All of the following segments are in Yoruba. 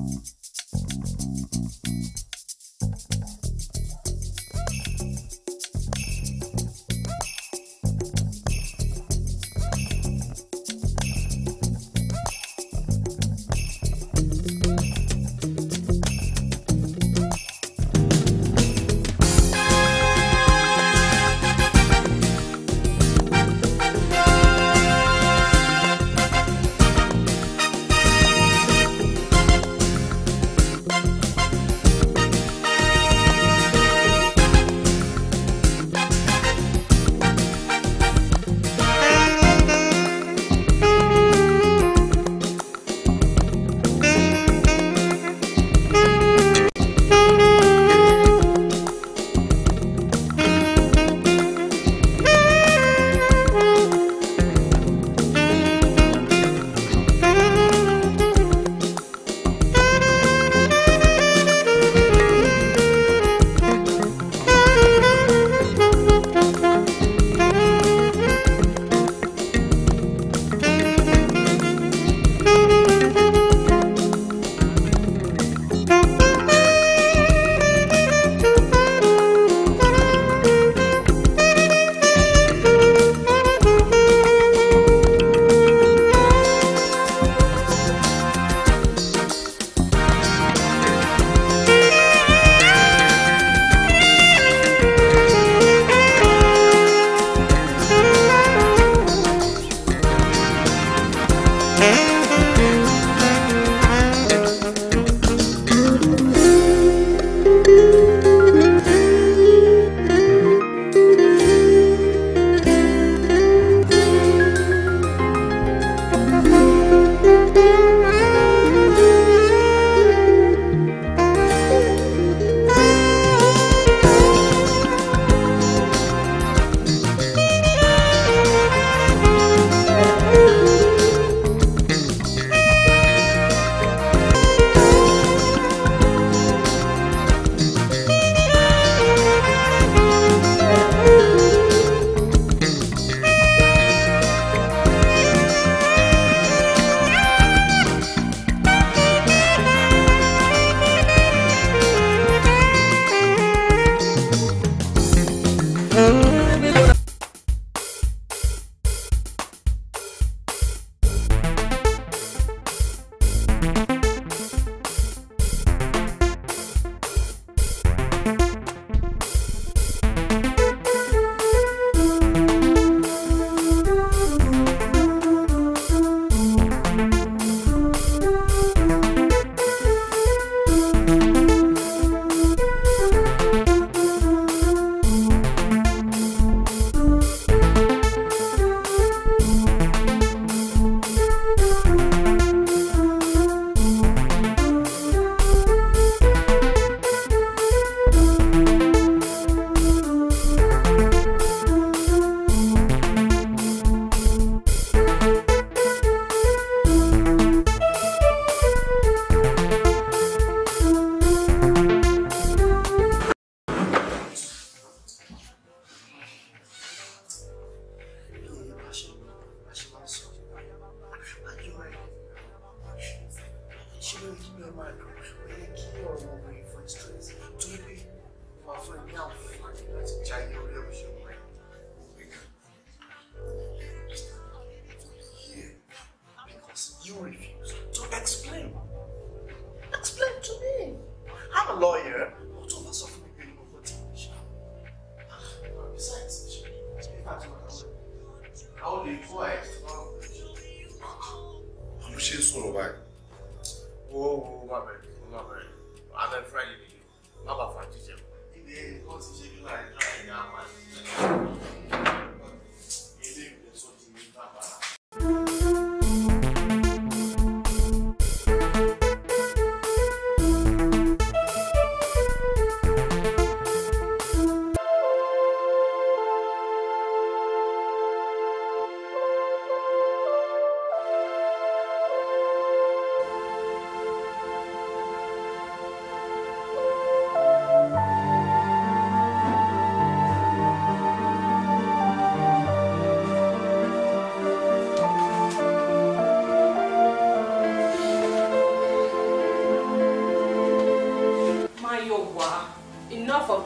Thank you.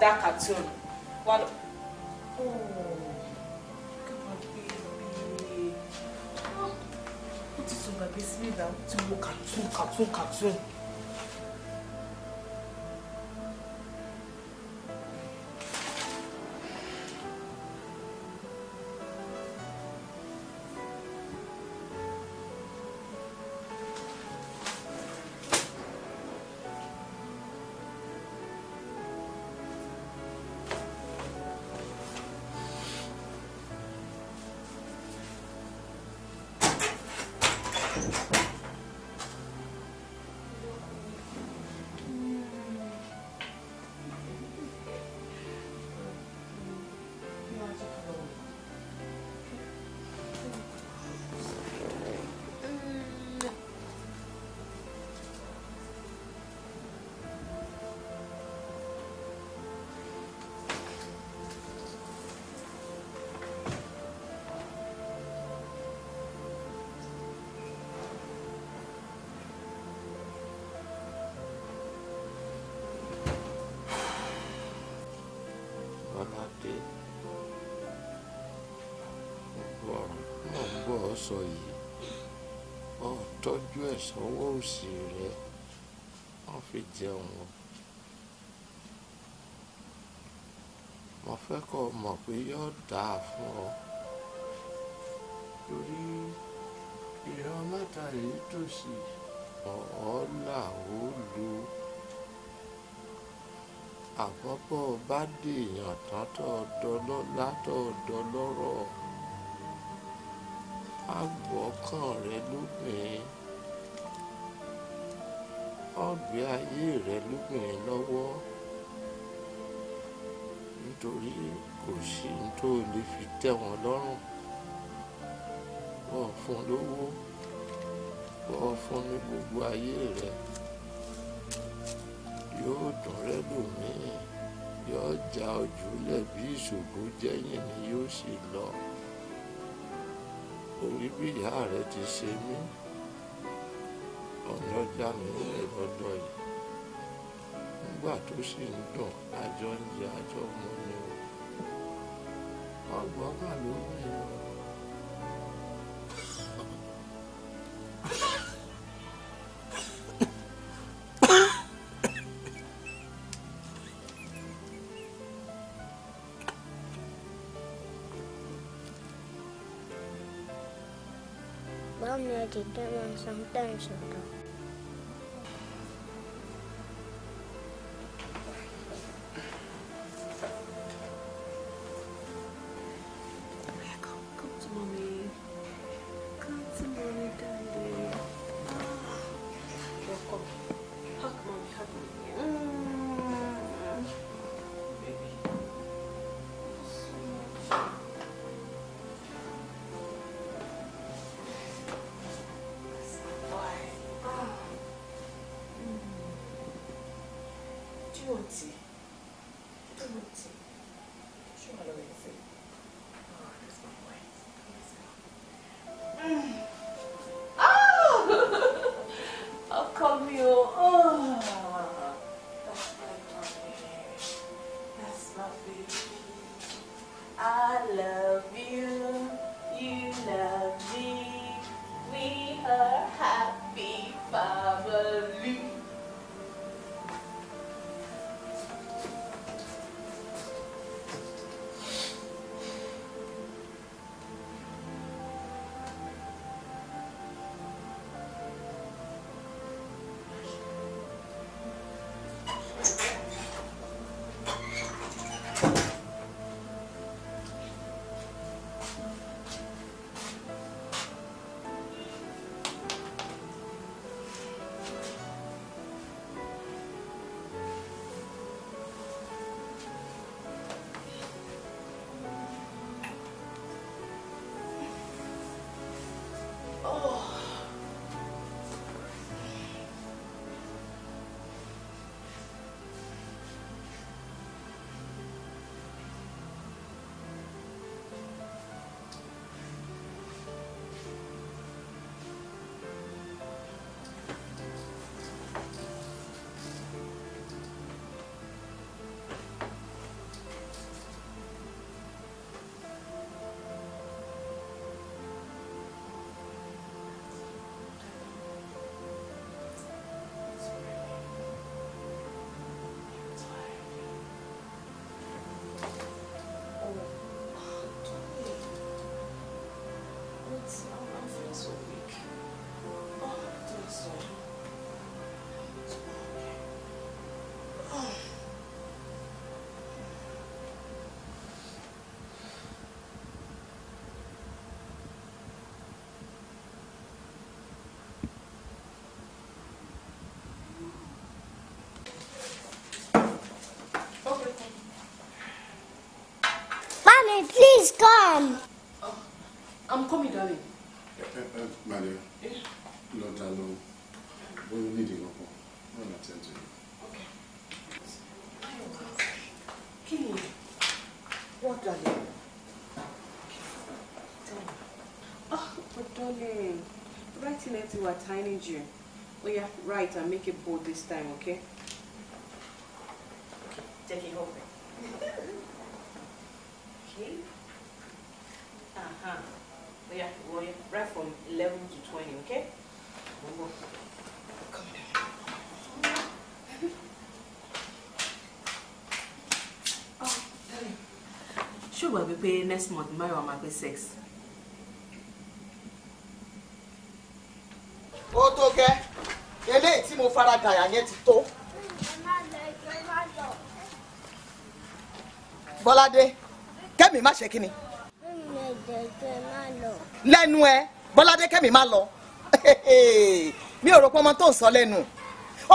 that cartoon. One. Oh. Ah, ó ti sọ̀rọ̀ àgbẹ̀ sílẹ̀ náà tí mo cartoon cartoon cartoon. sọ yìí ọ tọ́jú ẹ̀ sọ́wọ́ òsì rẹ wọ́n fi jẹun o mo fẹ́ kọ́ ọ mọ̀ pé yóò dáa fún ọ torí ìran mẹ́ta yìí tòsí ọ̀ọ́ là ó lu àkọ́kọ́ bá dèèyàn tán tó dọlọ́lá tó dọlọ́rọ̀ gbogbo ọkàn rẹ lóbìnrin ọ̀gbẹ́ ayé rẹ lóbìnrin lọ́wọ́ nítorí kò sí tó lè fi tẹ́ wọn lọ́rùn bọ́ fún lówó bọ́ fún ní gbogbo ayé rẹ yóò dùn rẹ lómìn yóò já ojú bí ìṣògo jẹ́yìn ni yóò sì lọ orí bí ìyá rẹ ti ṣe mí ọ̀nà ọjà mi rẹ̀ lọ́dọ̀ yìí nígbà tó sì ń dùn àjọ ń jẹ àjọ mọ́ ni o ọgbọ́n mà ló ń rìn lọ. 你今天晚上干什么？Mommy, please come. Um, I'm coming, darling. Uh, uh, uh, Maria, eh? eh, eh not alone. We will need you. We'll attend to you. Okay. Kill What, darling? Oh, but darling, writing it, you are tiny, you. Well, yeah, write and make it bold this time, okay? wà wípé next month Máyọ̀wá máa pé six. ó tó gẹ́ eléyìí tí mo fara dàyà yẹn ti tó. bọ́ládé kẹ́mi má ṣe kínni. lẹ́nu ẹ bọ́ládé kẹ́mi má lọ mi ò rò pé ọmọ tó ń sọ lẹ́nu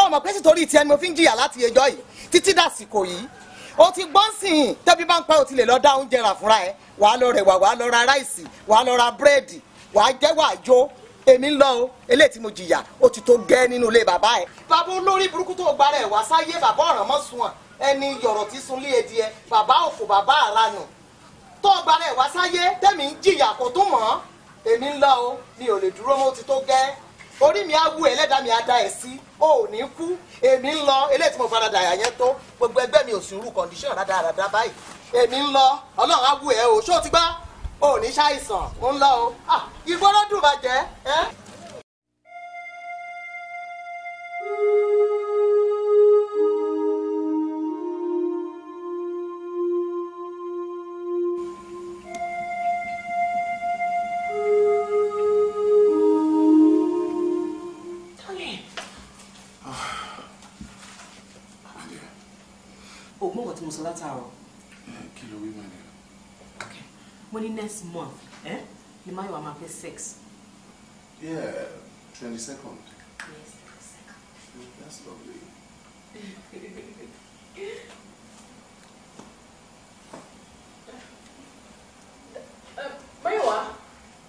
ọmọ pẹ́sì torí tiẹ̀ ni mo fi ń jìyà láti ẹjọ́ yìí títí dàsìkò yìí o ti gbọ́n sìn tẹ́bí bá ń pa o ti lè lọ dá oúnjẹ rà fúnra ẹ wàá lọ rẹwà wàá lọ ra ráìsì wàá lọ ra búrẹ́dì wàá jẹ́ wàá jó èmi ń lọ o eléyìí tí mo jìyà ó ti tó gẹ́ nínú ilé bàbá ẹ. bàbá olórí burúkú tó gbára ẹ wá sáyé bàbá ọ̀ràn mọ́ sùn wọn ẹni yọ̀rọ̀ tí sun lé edi ẹ bàbá òfò bàbá àranù tó gbára ẹ wá sáyé tẹ́mi ń jìyà kò tó mọ́ èmi ń lọ o mi ò lè dúró mọ́ ti tó gẹ́ orí mi á wú mi á da ẹ̀ sí ò ní kú èmi ń lọ eléyìí tí mo fara dàyà yẹn tó gbogbo ẹgbẹ́ mi ò sí irú kọ̀ǹdíṣàn rádaràdà báyìí èmi ń lọ ọlọ́run á wú ẹ o ṣó ti gbá ò ní ṣàìsàn ń lọ o ah, ìgbọ́rọ̀ dùn bàjẹ́. month, eh? You might want to pay six. Yeah, 22nd. Yes, 22nd. That's lovely. Um,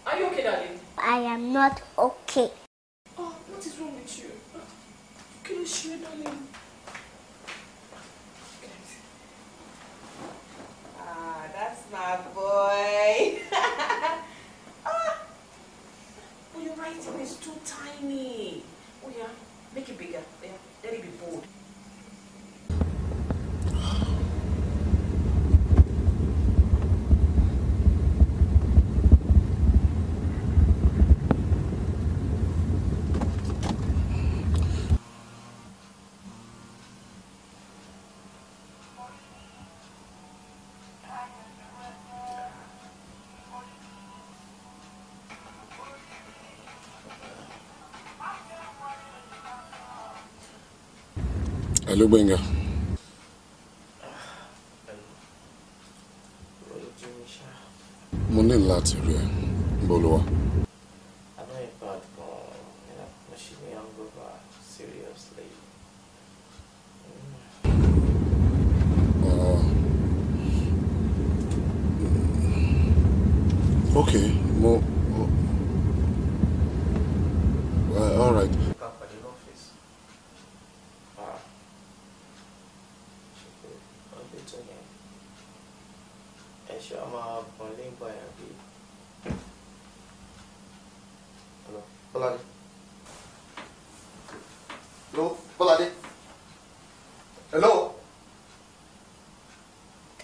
are you okay, darling? I am not okay. Oh, what is wrong with you? Can you share, darling. too tiny. Oh yeah, make it bigger. Yeah, let it be bold. Hello, Benga. mo ní láti rí ẹ bọ́lúwa. Uh, mm. Okay, mo. Well,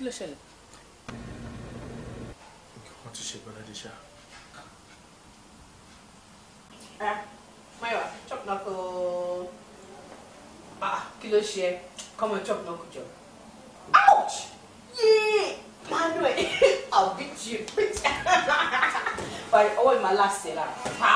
ló ṣẹlẹ̀. wọ́n ti ṣe gbọ́dọ̀ díṣà. Mayowa chop na ko kí ló ṣe ẹ come on chop na ko jọ. ouch yee manuel i'll beat you bitch. ọwọ́ ìmọ̀ aláṣẹ lára.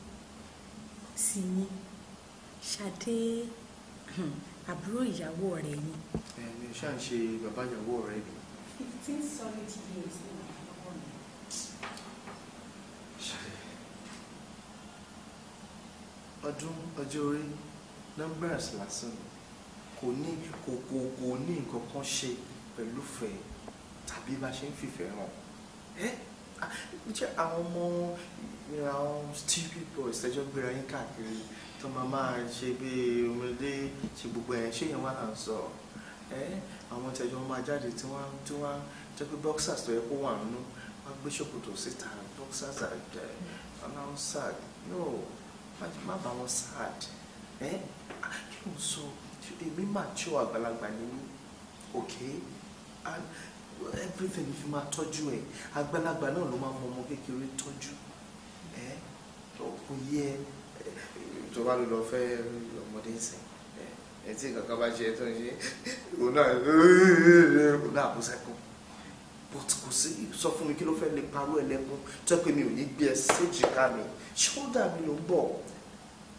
ṣá ń ṣe bàbá ìyàwó rẹ ni. fifteen solid years ní ìyàwó mi. ọdún ọjọ́ orí numbers lásán kò ní kò kò kò ní nǹkan kan ṣe pẹ̀lú fẹ̀ tàbí bá ṣe ń fìfẹ́ hàn jẹ́ àwọn ọmọ àwọn stupid boys tẹ́jọ́ gbéra yín káàkiri tó máa máa ṣe bí ọmọdé ṣe gbogbo ẹ̀ ṣé yẹn wà náà sọ àwọn tẹjọ máa jáde tí wọ́n tí wọ́n jẹ́ pé boxers tó yẹ kó wà nínú wọ́n gbé ṣòkòtò síta boxers àjẹ ọlọ́run sad no má bá wọn sad kí n sọ èmi máa tí ò àgbàlagbà ni mí and everything fi máa tọ́jú ẹ̀ àgbàlagbà náà ló máa mọ ọmọ kékeré tọ́jú ẹ̀ ọ̀pọ̀ yẹ ẹ̀ tó bá lọ fẹ́ ọmọdé sẹ́yìn etí kankan bá ṣe tó ń ṣe òun náà òun náà bó sẹ́kùn but kò sí sọ fún mi kí ló fẹ́ lè parọ́ ẹlẹ́kùn tó pé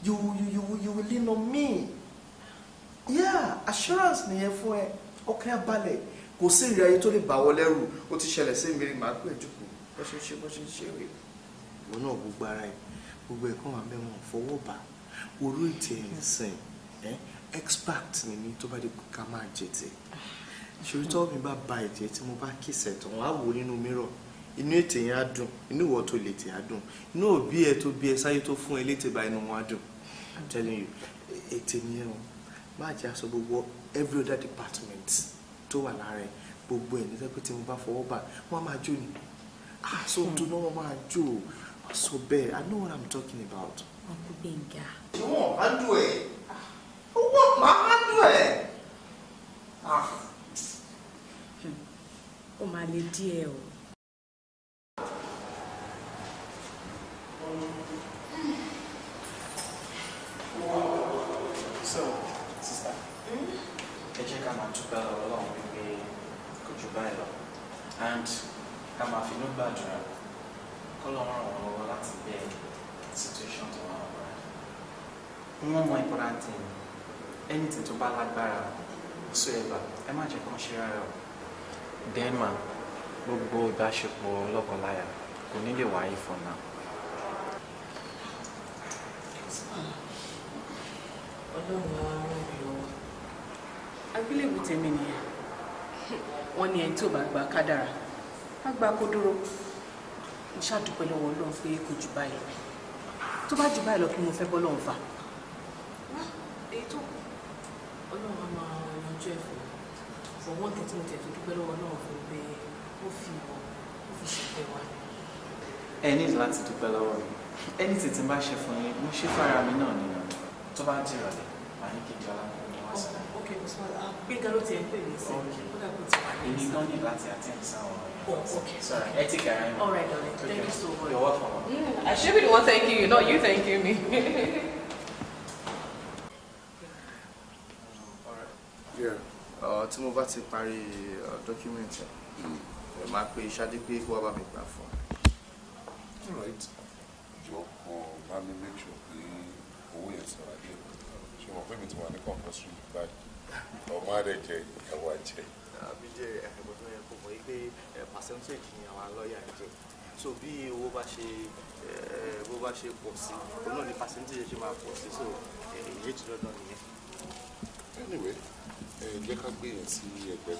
you you you you lean on me yeah assurance nìyẹn fún ẹ ọkàn abalẹ̀ kò sí ìrìn ayé tó lè bà expert ni mi tó bá di pé ká máa jẹ tẹ ṣòro tó mi bá ba ẹ̀jẹ̀ tí mo bá kìsẹ̀ tán wọ́n á wò nínú mìíràn inú ètè yẹn á dùn inú ìwọ tó lè tè á dùn inú òbí ẹ tó bí ẹ sáyé tó fún ẹ létè bá inú wọn á dùn i'm telling you ètè nìyẹn o má jẹ́ aṣọ gbogbo every other department tó wà lára ẹ gbogbo ẹ nígbà pé tí mo bá fọwọ́ bà wọ́n á máa jó ni ah, aṣọ hmm. tó náà wọ́n máa jó o so bẹ́ẹ̀ i know what i'm talking about. ọkùnrin gbẹ̀ngà. ṣé wọn á dùn ẹ̀ owó màá dùn ẹ̀. Ah. ó máa le díẹ̀ o. so sista ẹ jẹ́ ká máa dúpẹ́ ọlọ́run wípé kò jù báyìí lọ and ká máa finú gbàdúrà kọ́lọ́run ràn wọ́n lọ́wọ́ láti bẹ́ẹ̀ situation tó wà wọ́n. one more important thing anything tó bá lágbára eba ẹ má jẹ́ kán ṣe rárá o. denma gbogbo ìbáṣepọ̀ lọ́kọláya kò ní lè wáyé fún náà. ọlọ́run á ràn lọ́wọ́ tèmi nìyẹn wọ́n ní ẹni tí ò bá gba kádàrà á gba kó dúró mo ṣàdúpẹ́ jù báyìí tó bá jù báyìí lọ kí mo fẹ́ bọ́ ọlọ́run á máa yanjú ẹ̀ fún mi for one thing tí mo tẹ̀ dúpẹ́ lọ́wọ́ ọlọ́run fún pé ó fi mọ̀ ó fi ṣèfẹ́ wa. ẹ ní láti dúpẹ́ lọ́wọ́ mi ẹni tí bá ṣe fún yín mo ṣe fara mi náà nínú tó bá jẹ́ ìrọ̀lẹ́ màá ní kí n kó mi wá sí i. ok ah, gbẹ̀ngà ló ti ẹ̀ ń pè mí sí ó dà kó ti wà ní ìsìn. èmi gan ní láti àtẹ̀yìn sáwọn ọ̀rẹ́. Oh, okay. Sorry, I take care. All right, darling. Thank okay. you so much. You're welcome. Mm, I should be the one thanking you, not you thanking me. tí mo bá ti parí uh, dọ́kímẹ́ǹtì hmm. ẹ̀ máa pe Ṣadé pé kó wá bá mi gbà fún un. jọ kọ bá mi make sure pé owó yẹn sọ̀rọ̀ àjẹ́ ṣe mọ̀ pé mi ti wà ní kọ̀ǹpọ̀sì báyìí ọmọ rẹ̀ jẹ ìyàwó àjẹ́. àbí jẹ ẹ̀bùn tó yẹ kó mọ̀ pé percentage ni àwọn lọ́ọ̀yà ń jẹ so bí owó bá ṣe bó bá ṣe pọ̀ sí òun náà ni percentage ṣe máa pọ̀ sí so èyí ti dandan nìyẹn ẹ jẹ́ ká gbé yẹn sí ẹgbẹ́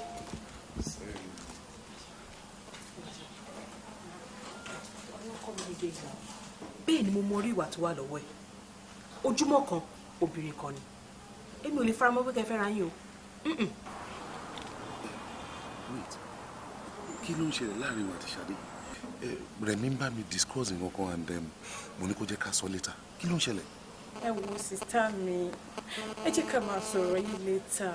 bẹ́ẹ̀ ni mo mọ orí ìwà tó wà lọ́wọ́ ẹ̀ ojúmọ́ kan obìnrin kan ni èmi ò lè faramọ́ pé kẹ́ fẹ́ ra yín o. wait kí ló ń ṣẹlẹ̀ láàrin ìwà àti Ṣadé. Rẹ̀mí ń bá mi discuss nǹkan kan and um, mo ní kó jẹ́ ká sọ later kí ló ń ṣẹlẹ̀. ẹ wo sista mi ẹ jẹ́ ká máa sọ̀rọ̀ yìí later.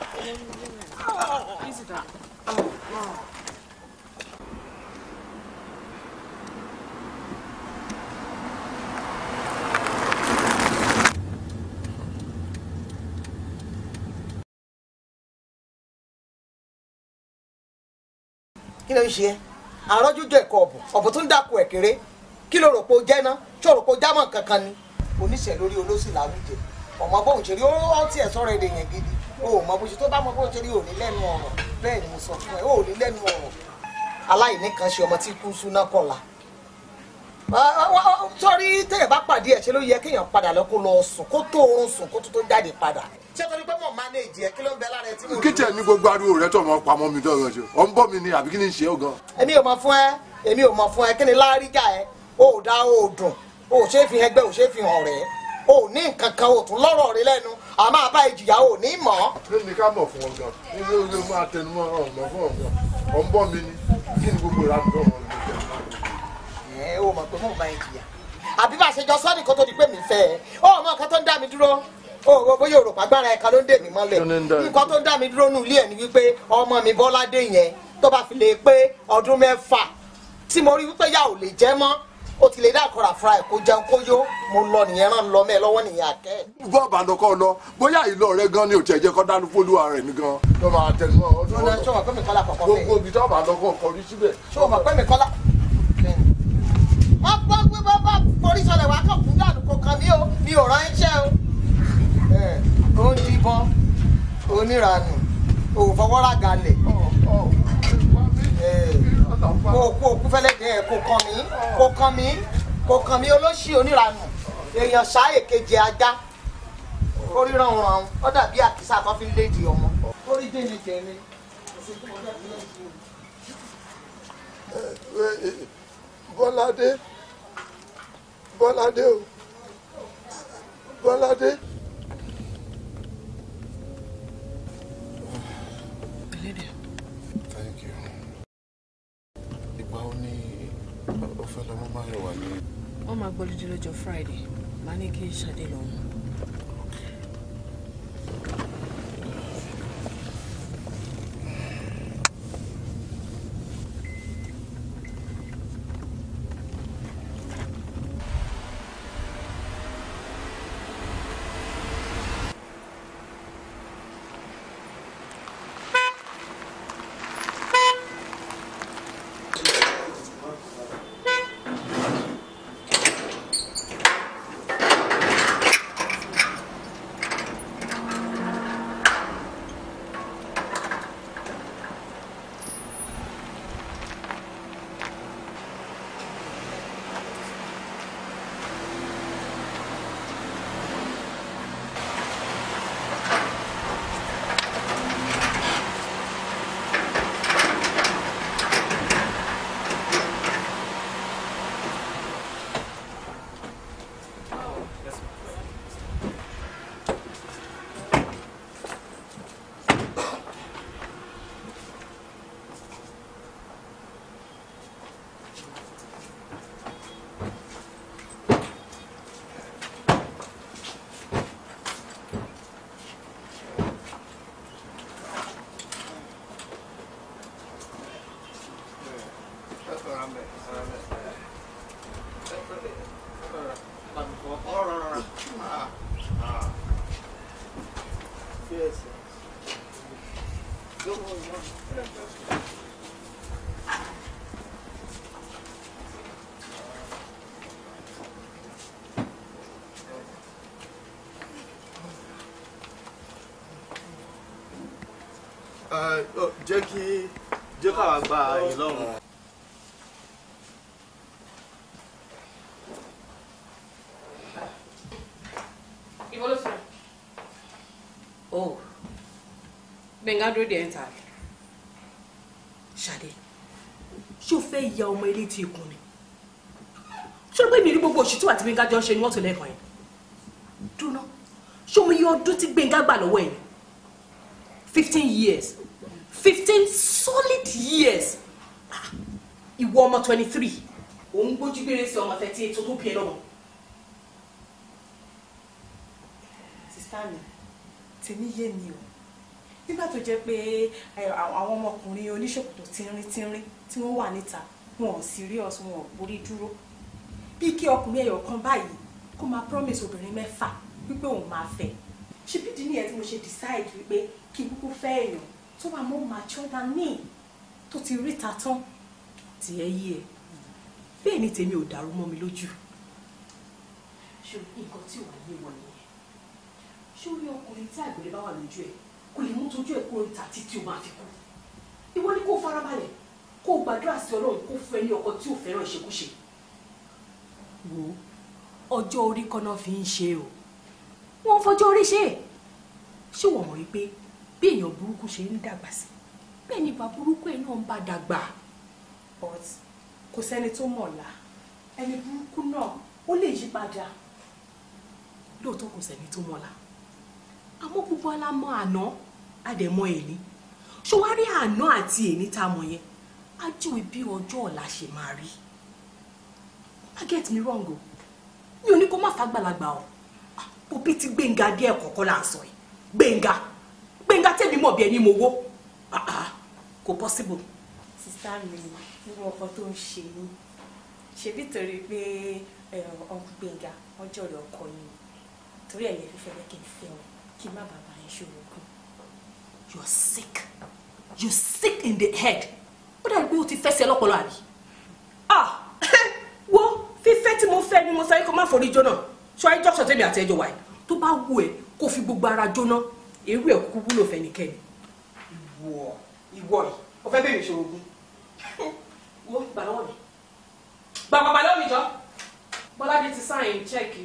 Easy kí ló ń ṣe ẹ àrọ́jújọ ẹ̀kọ́ ọ̀bùn ọ̀bùn tó ń dàkú ẹ̀ kéré kí ló rò ná kankan ni oníṣẹ́ lórí olóṣì làwùjẹ ọ̀mọ bóun ṣe rí ó tiẹ̀ sọ̀rọ̀ èdè yẹn gidi o mọ bó ṣe tó bá mọ bó ṣe rí òní lẹ́nu ọ̀rọ̀ bẹ́ẹ̀ ni mo sọ fún ẹ òní lẹ́nu ọ̀rọ̀ aláìníkanṣe ọmọ tí kú súná kọlà sọrí tẹ́yẹ̀ bá pàdé ẹ̀ ṣe ló yẹ kéèyàn padà lọ kó lọ sùn kó tó oorun sùn kó tó tó jáde padà. ṣé torí pé mo manage ẹ kí ló ń bẹ lára ẹ tí mo. kí tẹ̀ ní gbogbo ariwo rẹ tó mọ pamọ́ mi dọ́gba ṣe ọ̀ ń bọ́ mi ni àbí kí ni ṣe é gan. èmi ò mọ fún ẹ èmi ò mọ fún ẹ kí ni láríjà ẹ o ò dá o ò dùn o ò ṣe é fi hẹgbẹ́ o ò ṣe é fi hàn rẹ̀ o ò ní nǹkan kan o ò tún lọ́rọ̀ rẹ lẹ́nu a máa bá ìjìyàwó ní mọ́. lónìí ká mọ̀ fún ọ gan nílé olè máa tẹnu mọ́ ọ̀rọ̀ mọ́ fún ọ̀gán ọ̀ ń bọ́ mi ni kí ni gbogbo ìlànà tó wọn lè jẹ ẹ ò mọ̀ pé mò ń bá ẹ àbí bá a ṣe jọ sọ́ọ̀nì kó tó di pé mi fẹ́ ẹ ó mọ nǹkan tó ń dá mi dúró òwò bóyá òròpá gbára ẹ̀ka ló ń dè mí mọ́lẹ̀ nǹkan tó ń dá mi dúró nù ilé ẹ̀ ni wípé ọmọ mi Bọ́ládé yẹn tó bá fi lè pé ọdún mẹ́fà tí mo rí wípé yà ò lè jẹ́ mọ́ ó ti lè dá àkọ́rà fúra ẹ̀ kó jẹun kó yó mo lọ nìyẹn ràn lọ mẹ́ẹ̀ lọ́wọ́ nìyẹn àkẹ́. gbọ́ àbàdàn kọ́ lọ bóyá ìlọ rẹ gan ni ò tiẹ̀ jẹ́ kọ́ dánú fólúwa rẹ̀ ní gan ló máa tẹnu mọ́ ọdún ọdún ọdún ṣọwọ́ kọ́lá kọ̀ọ̀kan bẹ́ẹ̀ gbogbo ibi tó àbàdàn kọ́ kọrí síbẹ̀. ṣọwọ́ pẹ́ mi kọ́lá. wọ́n gbọ́ pé bàbá forí sọlẹ̀ wá kàn fún dànù mi kò kò kú fẹ́lẹ́ dẹ̀ kò kàn mí kò kàn mí kò kàn mí olóṣì oníranù èèyàn ṣá èkejì ajá oríran ọ̀ràn ó dàbí àkísà kan fi ń lédi ọmọ. orí dèmi jẹ̀mi bọ́ládé bọ́ládé o bọ́ládé. lọ́mọ bá rẹ̀ wá lórí. wọ́n máa gbọ́ dídí lọ́jọ́ Friday màá ní kí n ṣàdé jẹ́ kí jẹ́ káwa gba ààyè lọ́rùn. ìwọ ló sọ. oh gbẹ̀ngà dúró di ẹ̀ńtà rẹ̀. ṣàdé ṣé o fẹ́ ya ọmọ ilé tí ikùn ni ṣé o pé mi rí gbogbo òṣìṣẹ́ àti gbẹ̀ngà jọ ṣe ni wọ́n tó lẹ́kọ̀ọ́ yẹn dúró ṣé o mọ iye ọdún tí gbẹ̀ngà gbà lọ́wọ́ yẹn fifteen years twenty three òun gbójú gbére sí thirty eight tó tó bí ẹ lọ́wọ́. sísá mi tèmi yé mi o nígbà tó jẹ́ pé àwọn ọmọkùnrin oníṣòkòtò tínrín tínrín tí wọ́n wà níta wọn ò serious wọn ò borí dúró bí kí ọkùnrin ẹyọ kan báyìí kó máa promise obìnrin mẹ́fà wípé òun máa fẹ́ ṣé bídìí nìyẹn tí mo ṣe decide wípé kí n kúkú fẹ́ èèyàn tó bá mọ́ mature than me tó ti ríta tán tí ẹ yí ẹ bẹ́ẹ̀ ni tèmi ò dàrú mọ́ mi lójú. ṣé nǹkan tí wàá yé wọn nìyẹn ṣé orí ọkùnrin tí àgbèrè bá wà lójú ẹ kò lè mú tójú ẹ kúrò níta títí o máa fi kú ìwọ ni kó farabalẹ̀ kó gbàdúrà sí Ọlọ́run kó fún ẹ ní ọkọ tí ò fẹ́ràn ìṣekúṣe. wo ọjọ́ orí kaná fi ń ṣe o wọ́n fọjọ́ orí ṣe é ṣé wọ́n mọ̀ wípé bí èèyàn burúkú ṣe ń dàgbà sí bẹ́ẹ̀ ni bàbá burúkú ẹ̀ náà ń bá dàgbà but kò sẹ́ni tó mọ̀ ọ̀la ẹni burúkú náà ó lè yí padà lóòótọ́ kò sẹ́ni tó mọ̀ ọ̀la àmọ́ gbogbo ọlá mọ àná àdẹ̀mọ èní ṣó wá rí àná àti èní tá a mọ̀ yẹn á júwe bí ọjọ́ ọ̀la ṣe máa rí má get me wrong o mi ò ní kó má fàgbàlagbà o ah, òbí ti gbẹ̀ngà díẹ̀ kọ̀ọ̀kan là ń sọ yìí gbẹ̀ngà gbẹ̀ngà tẹ̀mí mọ̀ bí ẹni mo wó ah, ah, kò possible sísá mi nínú ọkọ tó ń ṣe mí ṣebí torí pé ọkùnrin gbẹ̀ngà ọjọ́ rẹ̀ ọkọ yìí torí ẹ̀ lè fi kí n fẹ́ ọ kí n má bàbá yẹn ṣòro kù you are sick you are sick in the head ó dàbí pé o ti fẹ́ sí ẹ àbí ah! wo fífẹ́ tí mo fẹ́ ni mo sáré kó má forí jóná ṣọ ẹjọ́ tẹ́mi àti ẹjọ́ wáyé tó bá wù ẹ́ kó fi gbogbo ara jóná èrú ẹ̀ kúkú wúlò fẹ́nikẹ́ni. ìwọ ìwọ yìí o fẹ́ bẹ̀rẹ̀ ìṣòro ogun mo gbà lọ́wọ́ mi gbà pàpà lọ́wọ́ mi jọ bọ́ládé ti sáìn chẹ́ẹ̀kì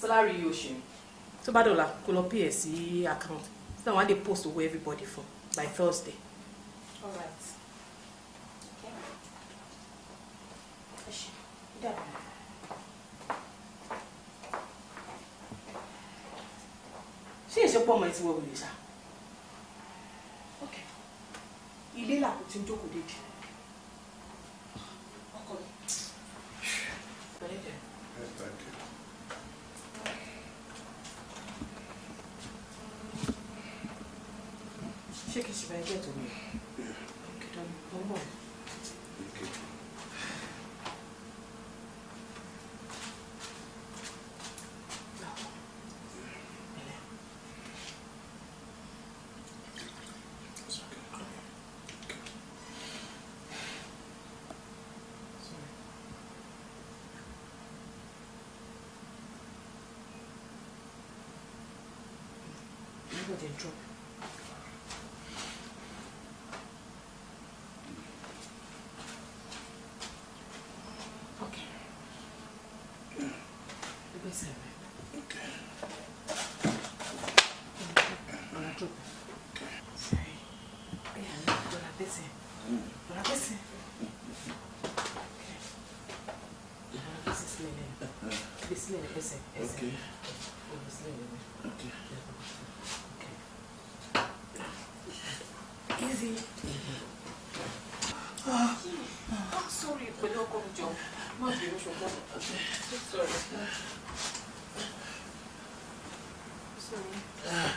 sálárì oṣù tó bá dọ̀la kó lọ pay ẹ̀ sí account so that one dey post owó everybody fún by Thursday. all right. Okay. Yeah. ṣé ìṣepọ̀ ọmọ ẹtí wọ́n wò lè ṣá ilé làkùtì ń jókòó dédìí. Thank you. Yes, thank you. Shake it, should I get to me? Okay. má sorry。ṣùgbọ́n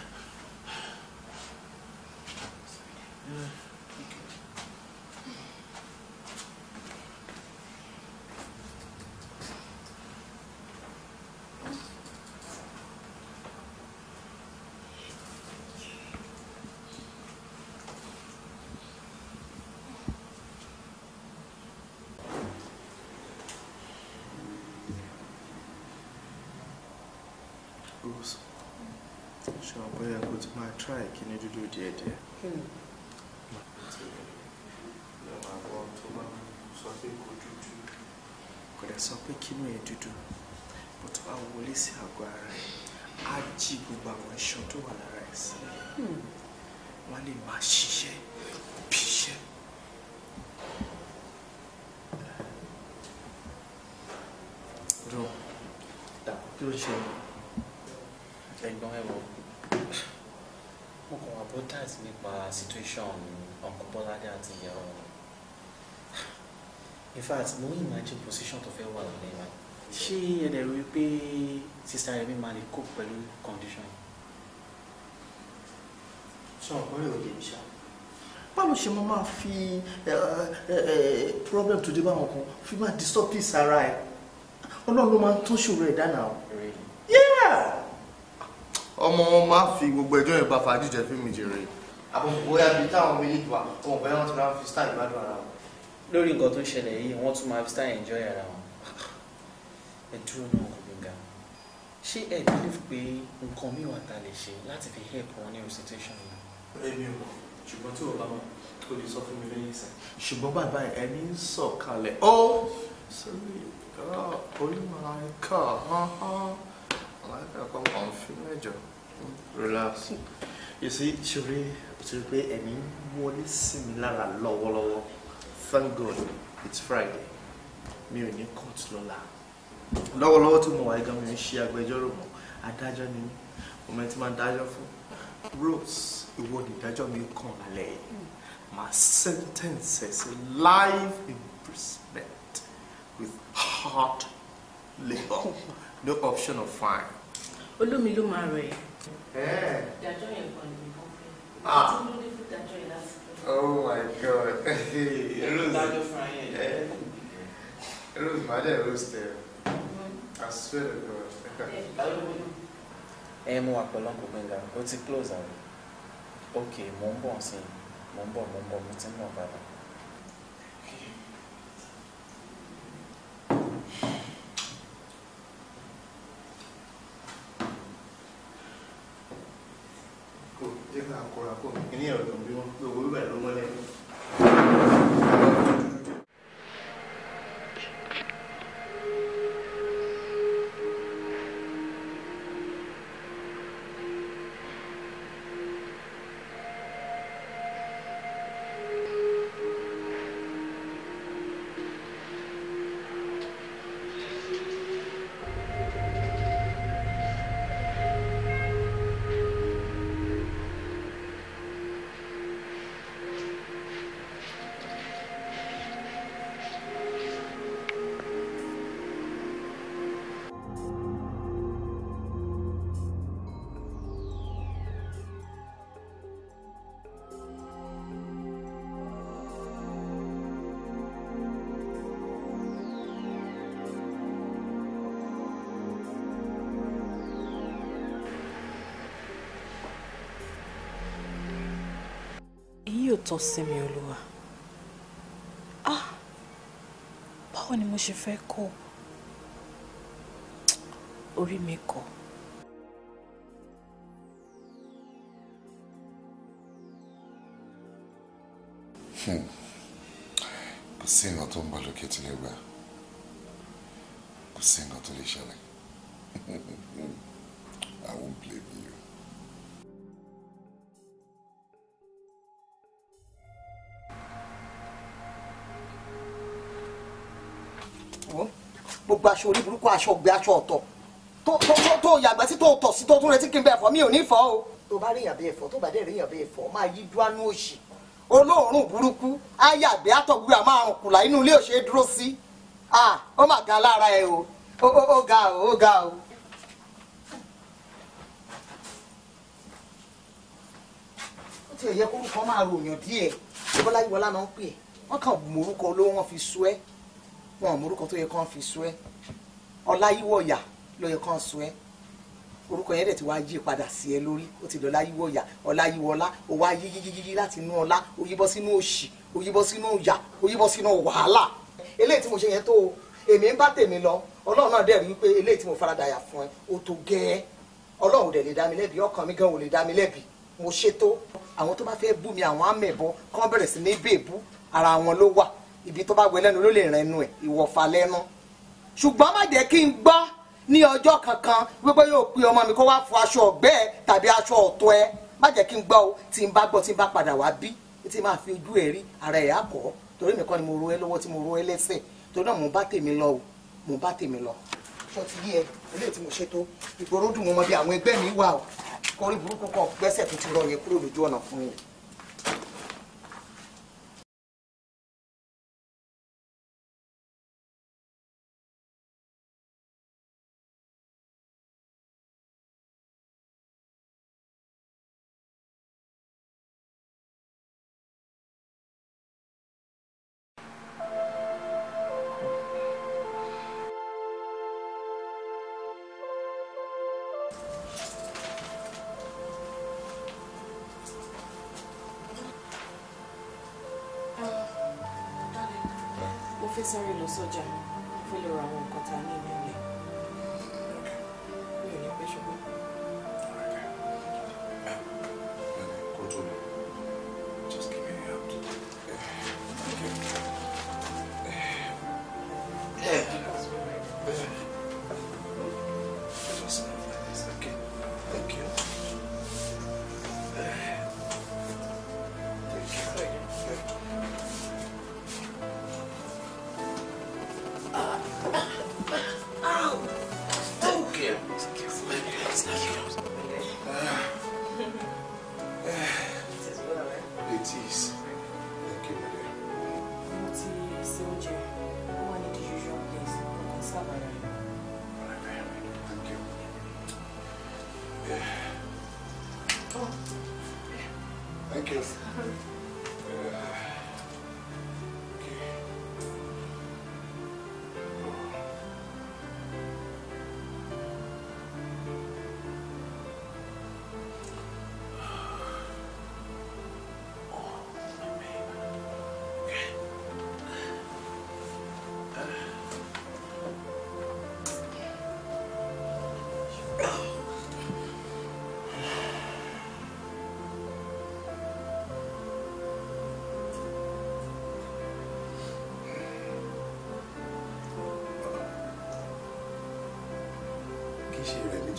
Rose, ṣe ọ bóyá kò ti máa try kíní dúdú díẹ̀ díẹ̀. Mo máa gbọ́ tó bá sọ pé kò dúdú. Kò dẹ̀ sọ pé kínú ẹ̀ dúdú. Bó tó bá wọlé sí àgọ́ ara ẹ̀, á jí gbogbo àwọn iṣan tó wà lára ẹ̀ sí ẹ̀gbọ́n ẹ̀wọ̀ mo kàn wá bọ́tàtì nípa situation uncle bọ́ládé àti ìyá wọn in fact mo ń imagine position tó fẹ́ wà lálẹ́ wa ṣé ẹ dẹ̀ rí i pé sista rẹ̀ mi máa lè cope pẹ̀lú condition yìí. sọ ọ̀pọ̀lọpọ̀ òye mi ṣá báwo ṣe mo máa fi problem tó dé báwọn kan fi máa disturb peace ara ẹ ọlọ́run ló máa ń tọ́ṣù rẹ̀ dáná o ọmọ wọn máa fi gbogbo ẹjọ́ yẹn bá fàájì jẹ fíìmù jèrè. àbùkù ya bíi táwọn méjèèjì wà wọn bẹ́ẹ̀ wọn ti máa fi style gbádùn ara wọn. lórí nǹkan tó ń ṣẹlẹ̀ yìí wọ́n tún máa fi style enjoy ara wọn. ẹ dúró náà kò ló ṣé ẹ believe pé nǹkan mi wà tá a lè ṣe láti fi help wọn ní recitation yìí. èmi ò ṣùgbọ́n tí ò bá mọ̀ lè sọ fún mi lẹ́yìn sẹ́. ṣùgbọ́n bàbá ẹni ń sọ̀kalẹ̀ ó oh, sọ Um Relax. You see, Shuri, Shuri pé ẹ̀mí wọlé sí mi lára Thank God, it's Friday. Mi ò ní court lọ́la. Lọ́wọ́lọ́wọ́ tí mo wà gan mi ń ṣe agbẹjọ́rò mọ́. Adájọ́ ni mí. Mo mẹ́ tí máa dájọ́ fún. Rose, ìwọ ni ìdájọ́ mi kàn lálẹ́ yìí. My sentence is life imprisonment with hard labour no option of fine. olómi ló máa rẹ̀. Eh. ìdájọ́ yẹn kan ni mo fẹ́ tí ló dé fún ìdájọ́ yẹn lásìkò. oh my god ìdájọ́ fún ayé ẹ̀. rose máa dẹ̀ rose tẹ̀ I swear to God. ẹ mú wa pẹ̀lú ọkọ̀ gbẹ̀ngà ó ti close àwọn ok mò ń bọ̀ sí i mò ń bọ̀ mò ń bọ̀ mo ti ń bọ̀ padà. con, con ingeniero, yóò tọ́ sí mi olúwa ah báwo ni mo ṣe fẹ́ kọ́ orí mi kọ́. Hmm. kò sí nǹkan tó ń bá lókè tí lè gbà kò sí nǹkan tó lè ṣẹlẹ̀ I won't blame you. wọ́n gbogbo aṣọ orí aṣọ ọgbẹ́ aṣọ ọ̀tọ̀ tó tó sí tó tọ̀ sí tó tún retí kí n bẹ́ẹ̀ fọ́ mi ò ní fọ́ o tó bá ríyàn bí ẹ̀fọ́ tó bá dẹ̀ ríyàn bí ẹ̀fọ́ máa yí duanú òṣì olóòórùn burúkú ayàgbẹ́ àtọ̀gbẹ́ àmọ́ kùlà inú ilé òṣè dúró sí ah ó mà ga lára ẹ o ó ga o ó ga o. ó ti yẹ kórúkọ máa ròyìn díẹ̀ bọ́lá ìwọlá náà ń pè é wọ́n kàn mú orúkọ olówó wọn fi so ẹ́ wọn ò mórúkọ tó yẹ kán fi sú ẹ ọláyíwọ̀yà ló yẹ kán sú ẹ orúkọ yẹn dẹ̀ ti wá yí padà sí ẹ lórí ó ti lọ́ọ́ láyíwọ̀yà ọláyíwọlá ó wá yí yíyíyí láti inú ọlá ó yíbọ́ sínú òṣì ó yíbọ́ sínú ìyà ó yíbọ́ sínú wàhálà eléyìí tí mo ṣe yẹn tó o èmi ń bá tèmi lọ ọlọ́run náà dẹ̀ rí pé eléyìí tí mo faradà yà fún ẹ ó tó gẹ́ẹ́ ọlọ́run dẹ̀ lè dá mi lẹ́bi ọkàn mi gan ò lè dá mi lẹ́bi mo ṣètò àwọn tó bá fẹ́ bú mi àwọn amẹ̀bọ kán bẹ̀rẹ̀ sí ní bèbú ara wọn ló wà ibi tó bá gbé lẹ́nu ló lè rìn ẹnu ẹ̀ ìwọ̀fà lẹ́nu ṣùgbọ́n má jẹ́ kí n gbọ́ ní ọjọ́ kankan wípé yóò pe ọmọ mi kó wá fọ aṣọ ọ̀gbẹ́ ẹ tàbí aṣọ ọ̀tọ̀ ẹ má jẹ́ kí n gbọ́ o tí n bá gbọ́ tí n bá padà wá bí tí n máa fi ojú ẹ̀ rí ara ẹ̀ á torí mi kọ́ ni mo ro ẹ lọ́wọ́ tí mo ro ẹ lẹ́sẹ̀ torí náà mo bá tèmi lọ o mo bá tèmi lọ. sọ ti yí ẹ eléyìí tí mo ṣètò ìgboro dùn mo mọ bí àwọn ẹgbẹ́ mi wà o kọrí burúkú kan gbẹ́sẹ̀ tó ti rọ yẹn kúrò lójú ọ̀nà fún yẹn. 说着。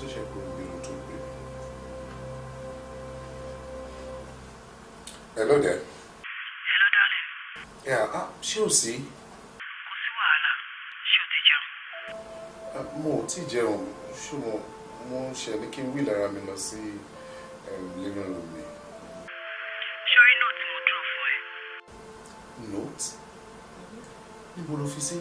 ṣẹ̀ṣẹ̀ kúrò níbi irun tó gbé. hello there. hello darling. yeah ah ṣé o sí. kò sí wàhálà ṣé o ti jẹun. Ah, mo ò tí ì jẹun ṣùgbọ́n mo ń ṣe ní kí n wíìlì ara mi lọ sí ehm, living room mi. ṣorí note mo dúró fún ẹ. note? níbo ló fi sí?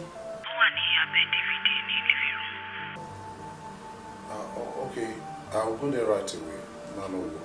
go there right away. Malo.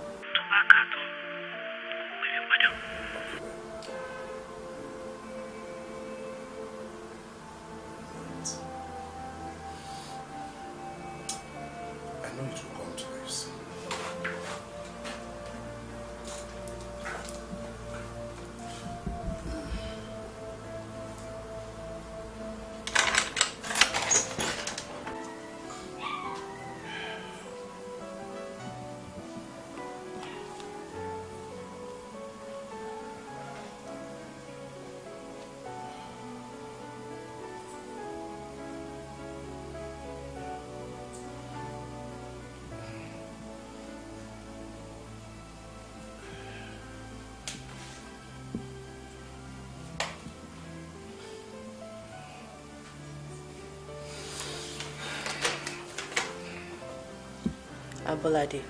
Abolade.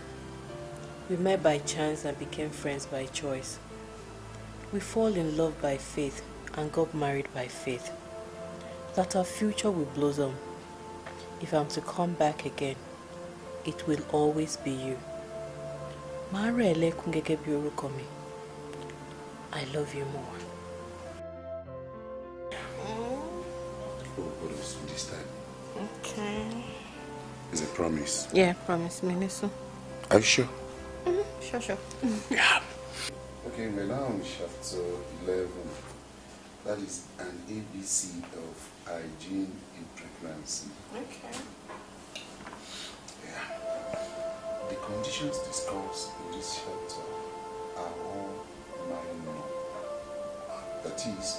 We met by chance and became friends by choice. We fall in love by faith and got married by faith. That our future will blossom. If I'm to come back again, it will always be you. Màá rẹ̀ lẹ́kún gẹ́gẹ́ bí I love you more. promise? Yeah, promise, me Minister. Are you sure? Mm-hmm. Sure, sure. Mm-hmm. yeah. Okay, we're now on chapter 11. That is an ABC of hygiene in pregnancy. Okay. Yeah. The conditions discussed in this chapter are all minor. That is,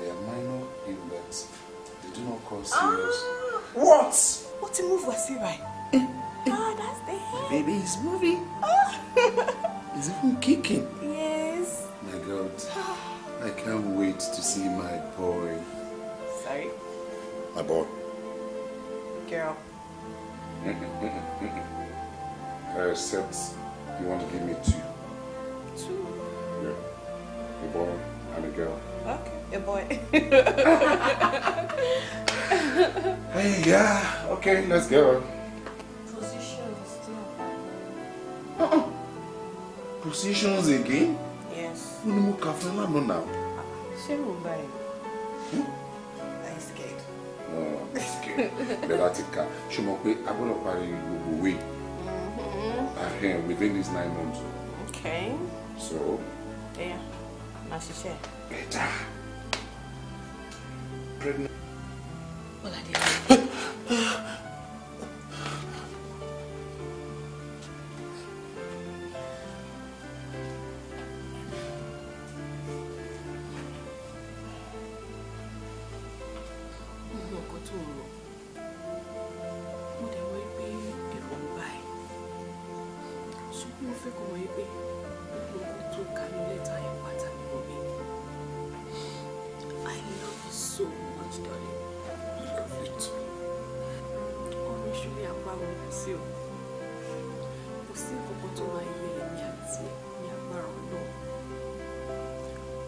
they are minor in that they do not cause serious. Ah! What? What a move was he right? oh, that's the head. Baby, it's moving. Oh. it's even kicking. Yes. My God. I can't wait to see my boy. Sorry? My boy. Girl. I accept you want to give me two. Two? Yeah. A boy and a girl. Okay, a boy. hey, yeah. Okay, let's go. positions again. yes. wọ́n ní mo kà fún lánàá náà. ṣé mo i'm scared. no oh, i'm scared bẹ́ẹ̀ láti kà ṣé mo pé a gbọ́dọ̀ parí gbogbo mm-hmm. ah, eh, within these nine months. okay. so. yeah máa ṣiṣẹ́. better. pregnant. bọ́lá dé. fẹ́ kó wọ́n pé gbogbo tó kà ní lẹ́tà yẹn pátá ni mo I love you so much darling. I love you too. Ọ̀rọ̀ ìṣúlẹ̀ agbára ọ̀hún sí o. Kò sí ìkọ̀kọ̀ tó máa yẹ èmi àti ní agbára ọ̀nà.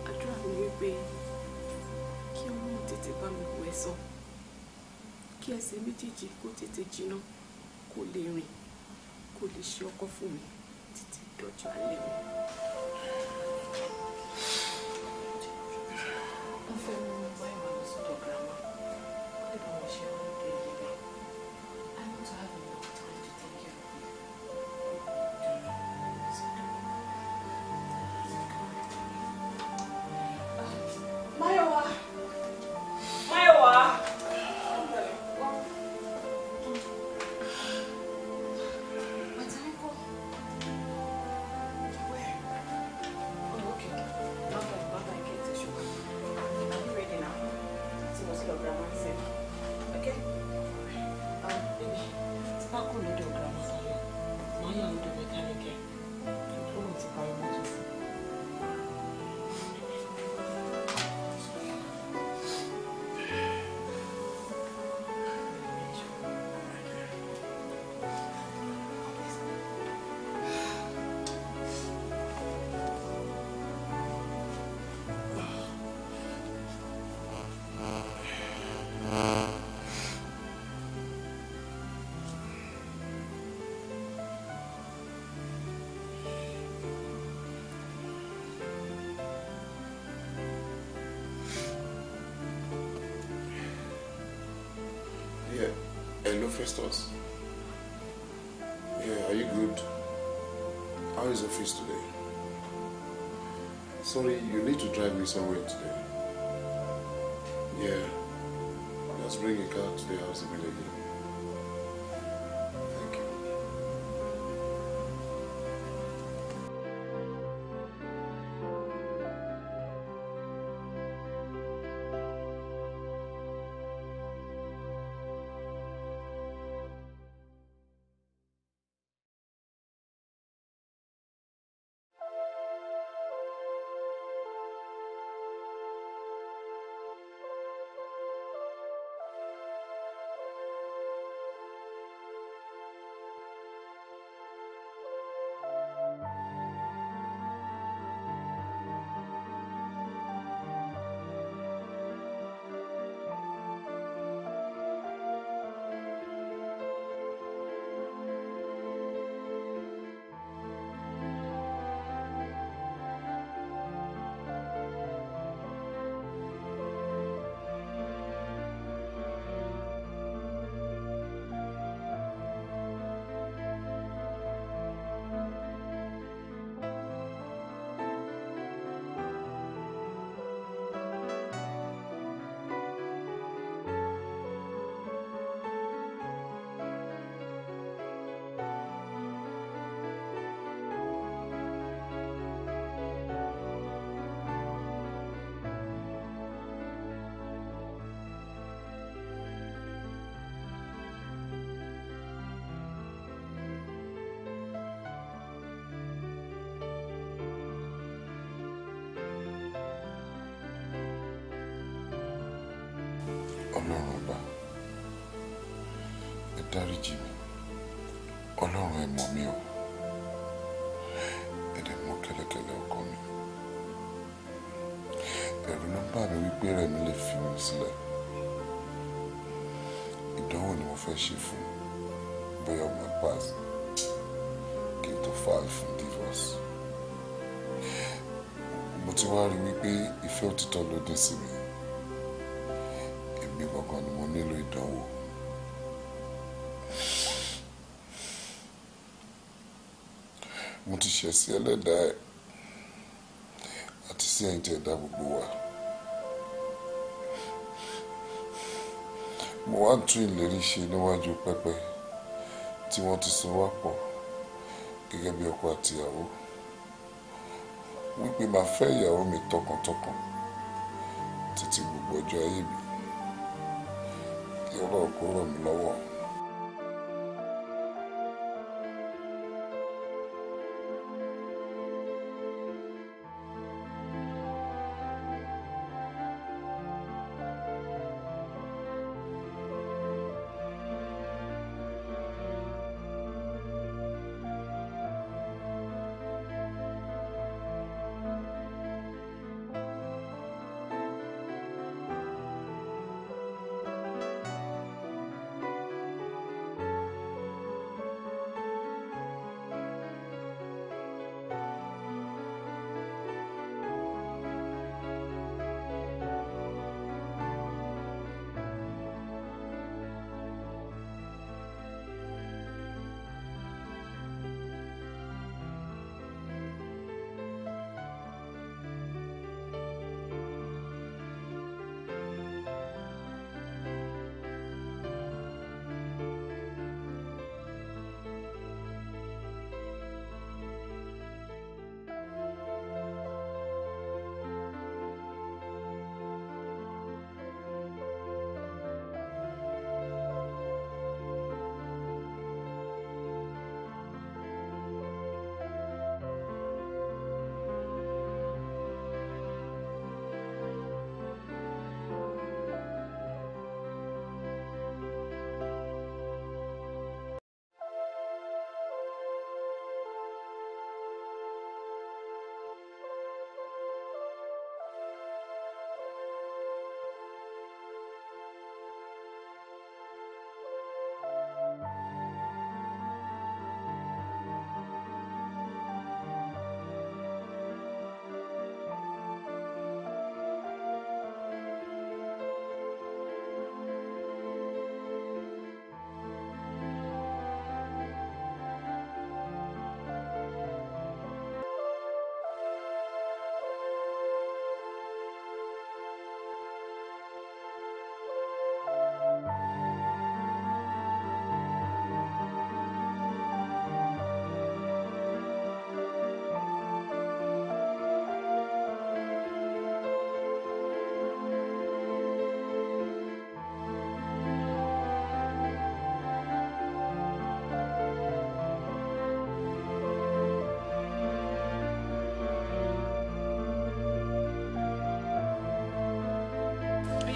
Àdúrà mi wípé kí ọlọ́run tètè bá mi wẹ̀ sàn. Kí ẹsẹ̀ méjèèjì kó tètè jiná kó lè rìn kó lè ṣe ọkọ fún mi. 有权利。Festus. Yeah, are you good? How is office today? Sorry, you need to drive me somewhere today. Yeah, just bring a car to the house immediately. ọlọ́run ọba ẹ dáríjì mi ọlọ́run ẹ mọ̀ mi o ẹ dẹ̀ mọ̀ kẹ́lẹ́kẹ́lẹ́ ọkọ mi ẹ̀rù ló ń bà mí wípé rẹ̀ mi lè fi mi sílẹ̀ ìdánwò ni mo fẹ́ ṣe fún bóyá ọmọ pass kí n tó file fún divorce mo ti wá rí wípé ìfẹ́ òtítọ́ ló dé sí mi. sí ẹlẹ́dàá ẹ̀ àti sí ẹ̀yìn tí ẹ̀dá gbogbo wa. mo wá ń tún ìlérí ṣe níwájú pẹpẹ tí wọ́n ti so wá pọ̀ gẹ́gẹ́ bí ọkọ àti ìyàwó wípé màá fẹ́ ìyàwó mi tọkàntọkàn títí gbogbo ọjọ́ ayé mi kí kó ràn mí lọ́wọ́.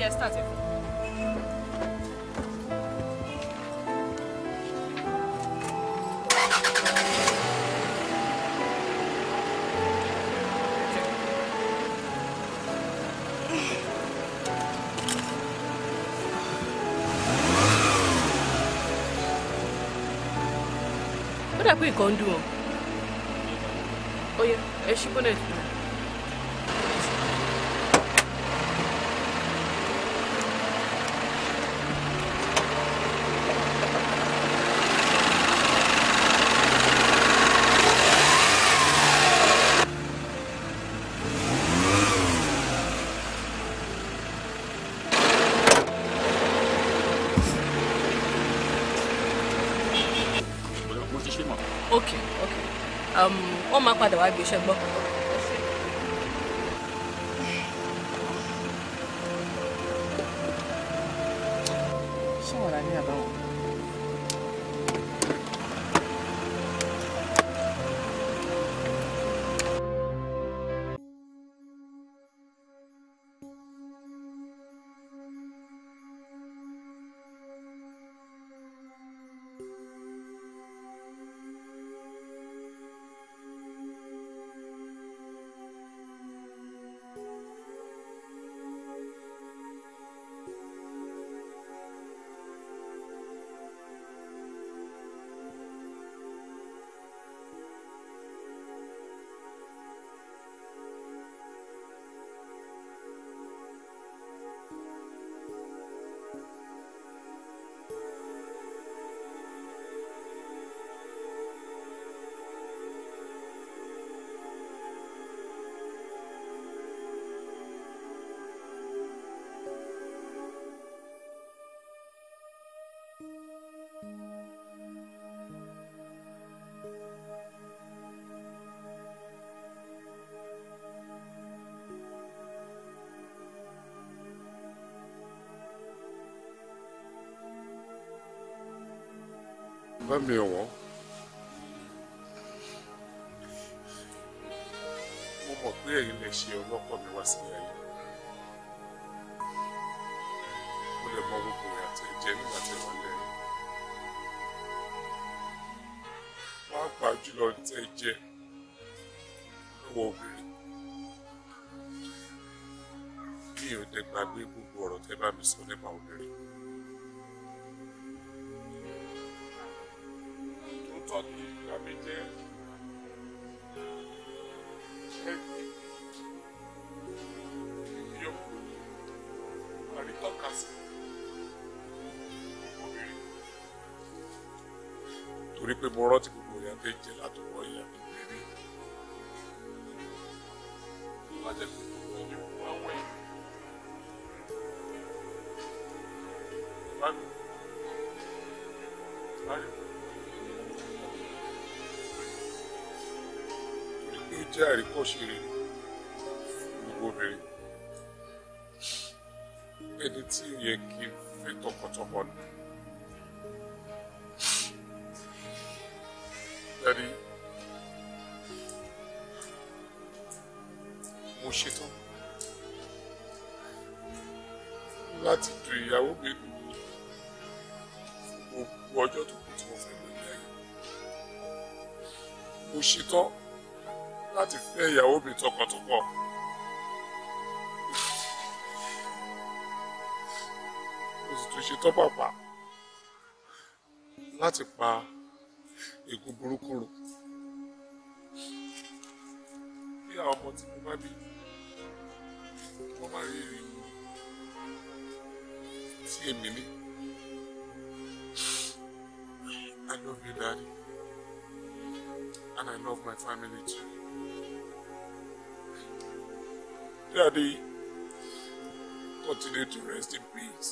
yẹ start ẹ fún. ó dà pé nǹkan ń dùn ọ́ ó yẹ ẹ 的外语声波。我没有。我没得意思，我可没话讲。mọ gbogbo rẹ̀ àti ẹ̀jẹ̀ nígbà tẹ̀ wọ́n lẹ̀. pàápàá jùlọ tẹ̀ jẹ́ lọ́wọ́ obìnrin. mi ò dẹ̀ gbàgbé gbogbo ọ̀rọ̀ tẹ́ bá mi sọ nípa obìnrin. tó tọ́ ìgbà mi jẹ́. torí pé mo rántí gbogbo ìyá tó jẹ látọwọ́ ìyá tó bẹ̀rẹ̀ tó bá mi bá mi torí pé Daddy, mo ṣetán láti du ìyàwó mi lu gbogbo ọjọ́ tó kù tí mo fẹ́ lò ní ayé. Mo ṣetán láti fẹ́ ìyàwó mi tọkàntọkàn. Mo sì tún ṣetán pàpà láti pa ikú burúkú rò bí àwọn ọmọ tí mo bá bí wọ́n máa rí rí wọn tí èmi ní I love you daddy and I love my family too daddy continue to rest in peace.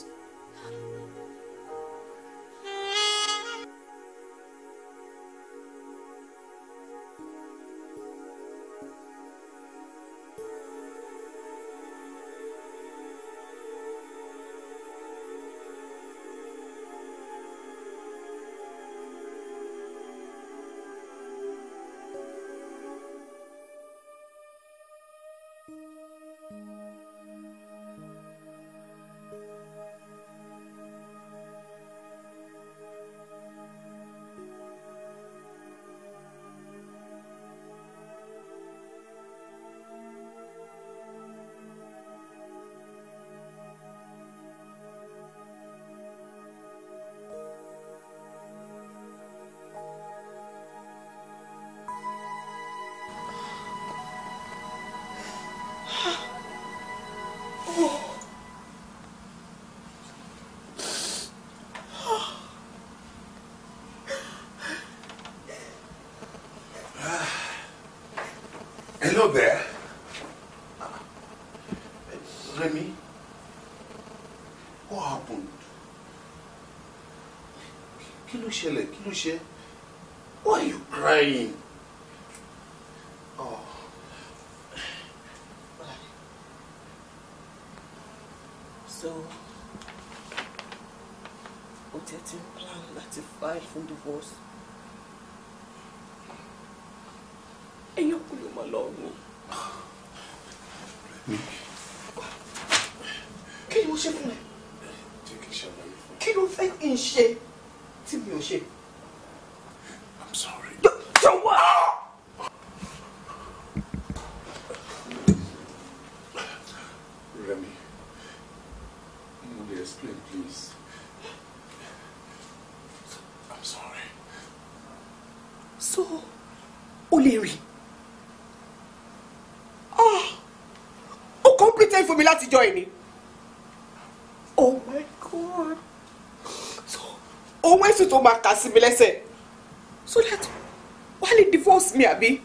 ló why are you crying. Oh. so o tẹ ti ń plan láti file fún divorce ẹ̀yin kò lè mọ lọ́rùn o. ṣàlàyé fún mi láti jọ ìní. oh my god òun èsì tó máa kà sí mi lẹ́sẹ̀ so that wọ́n lè divorce me àbí.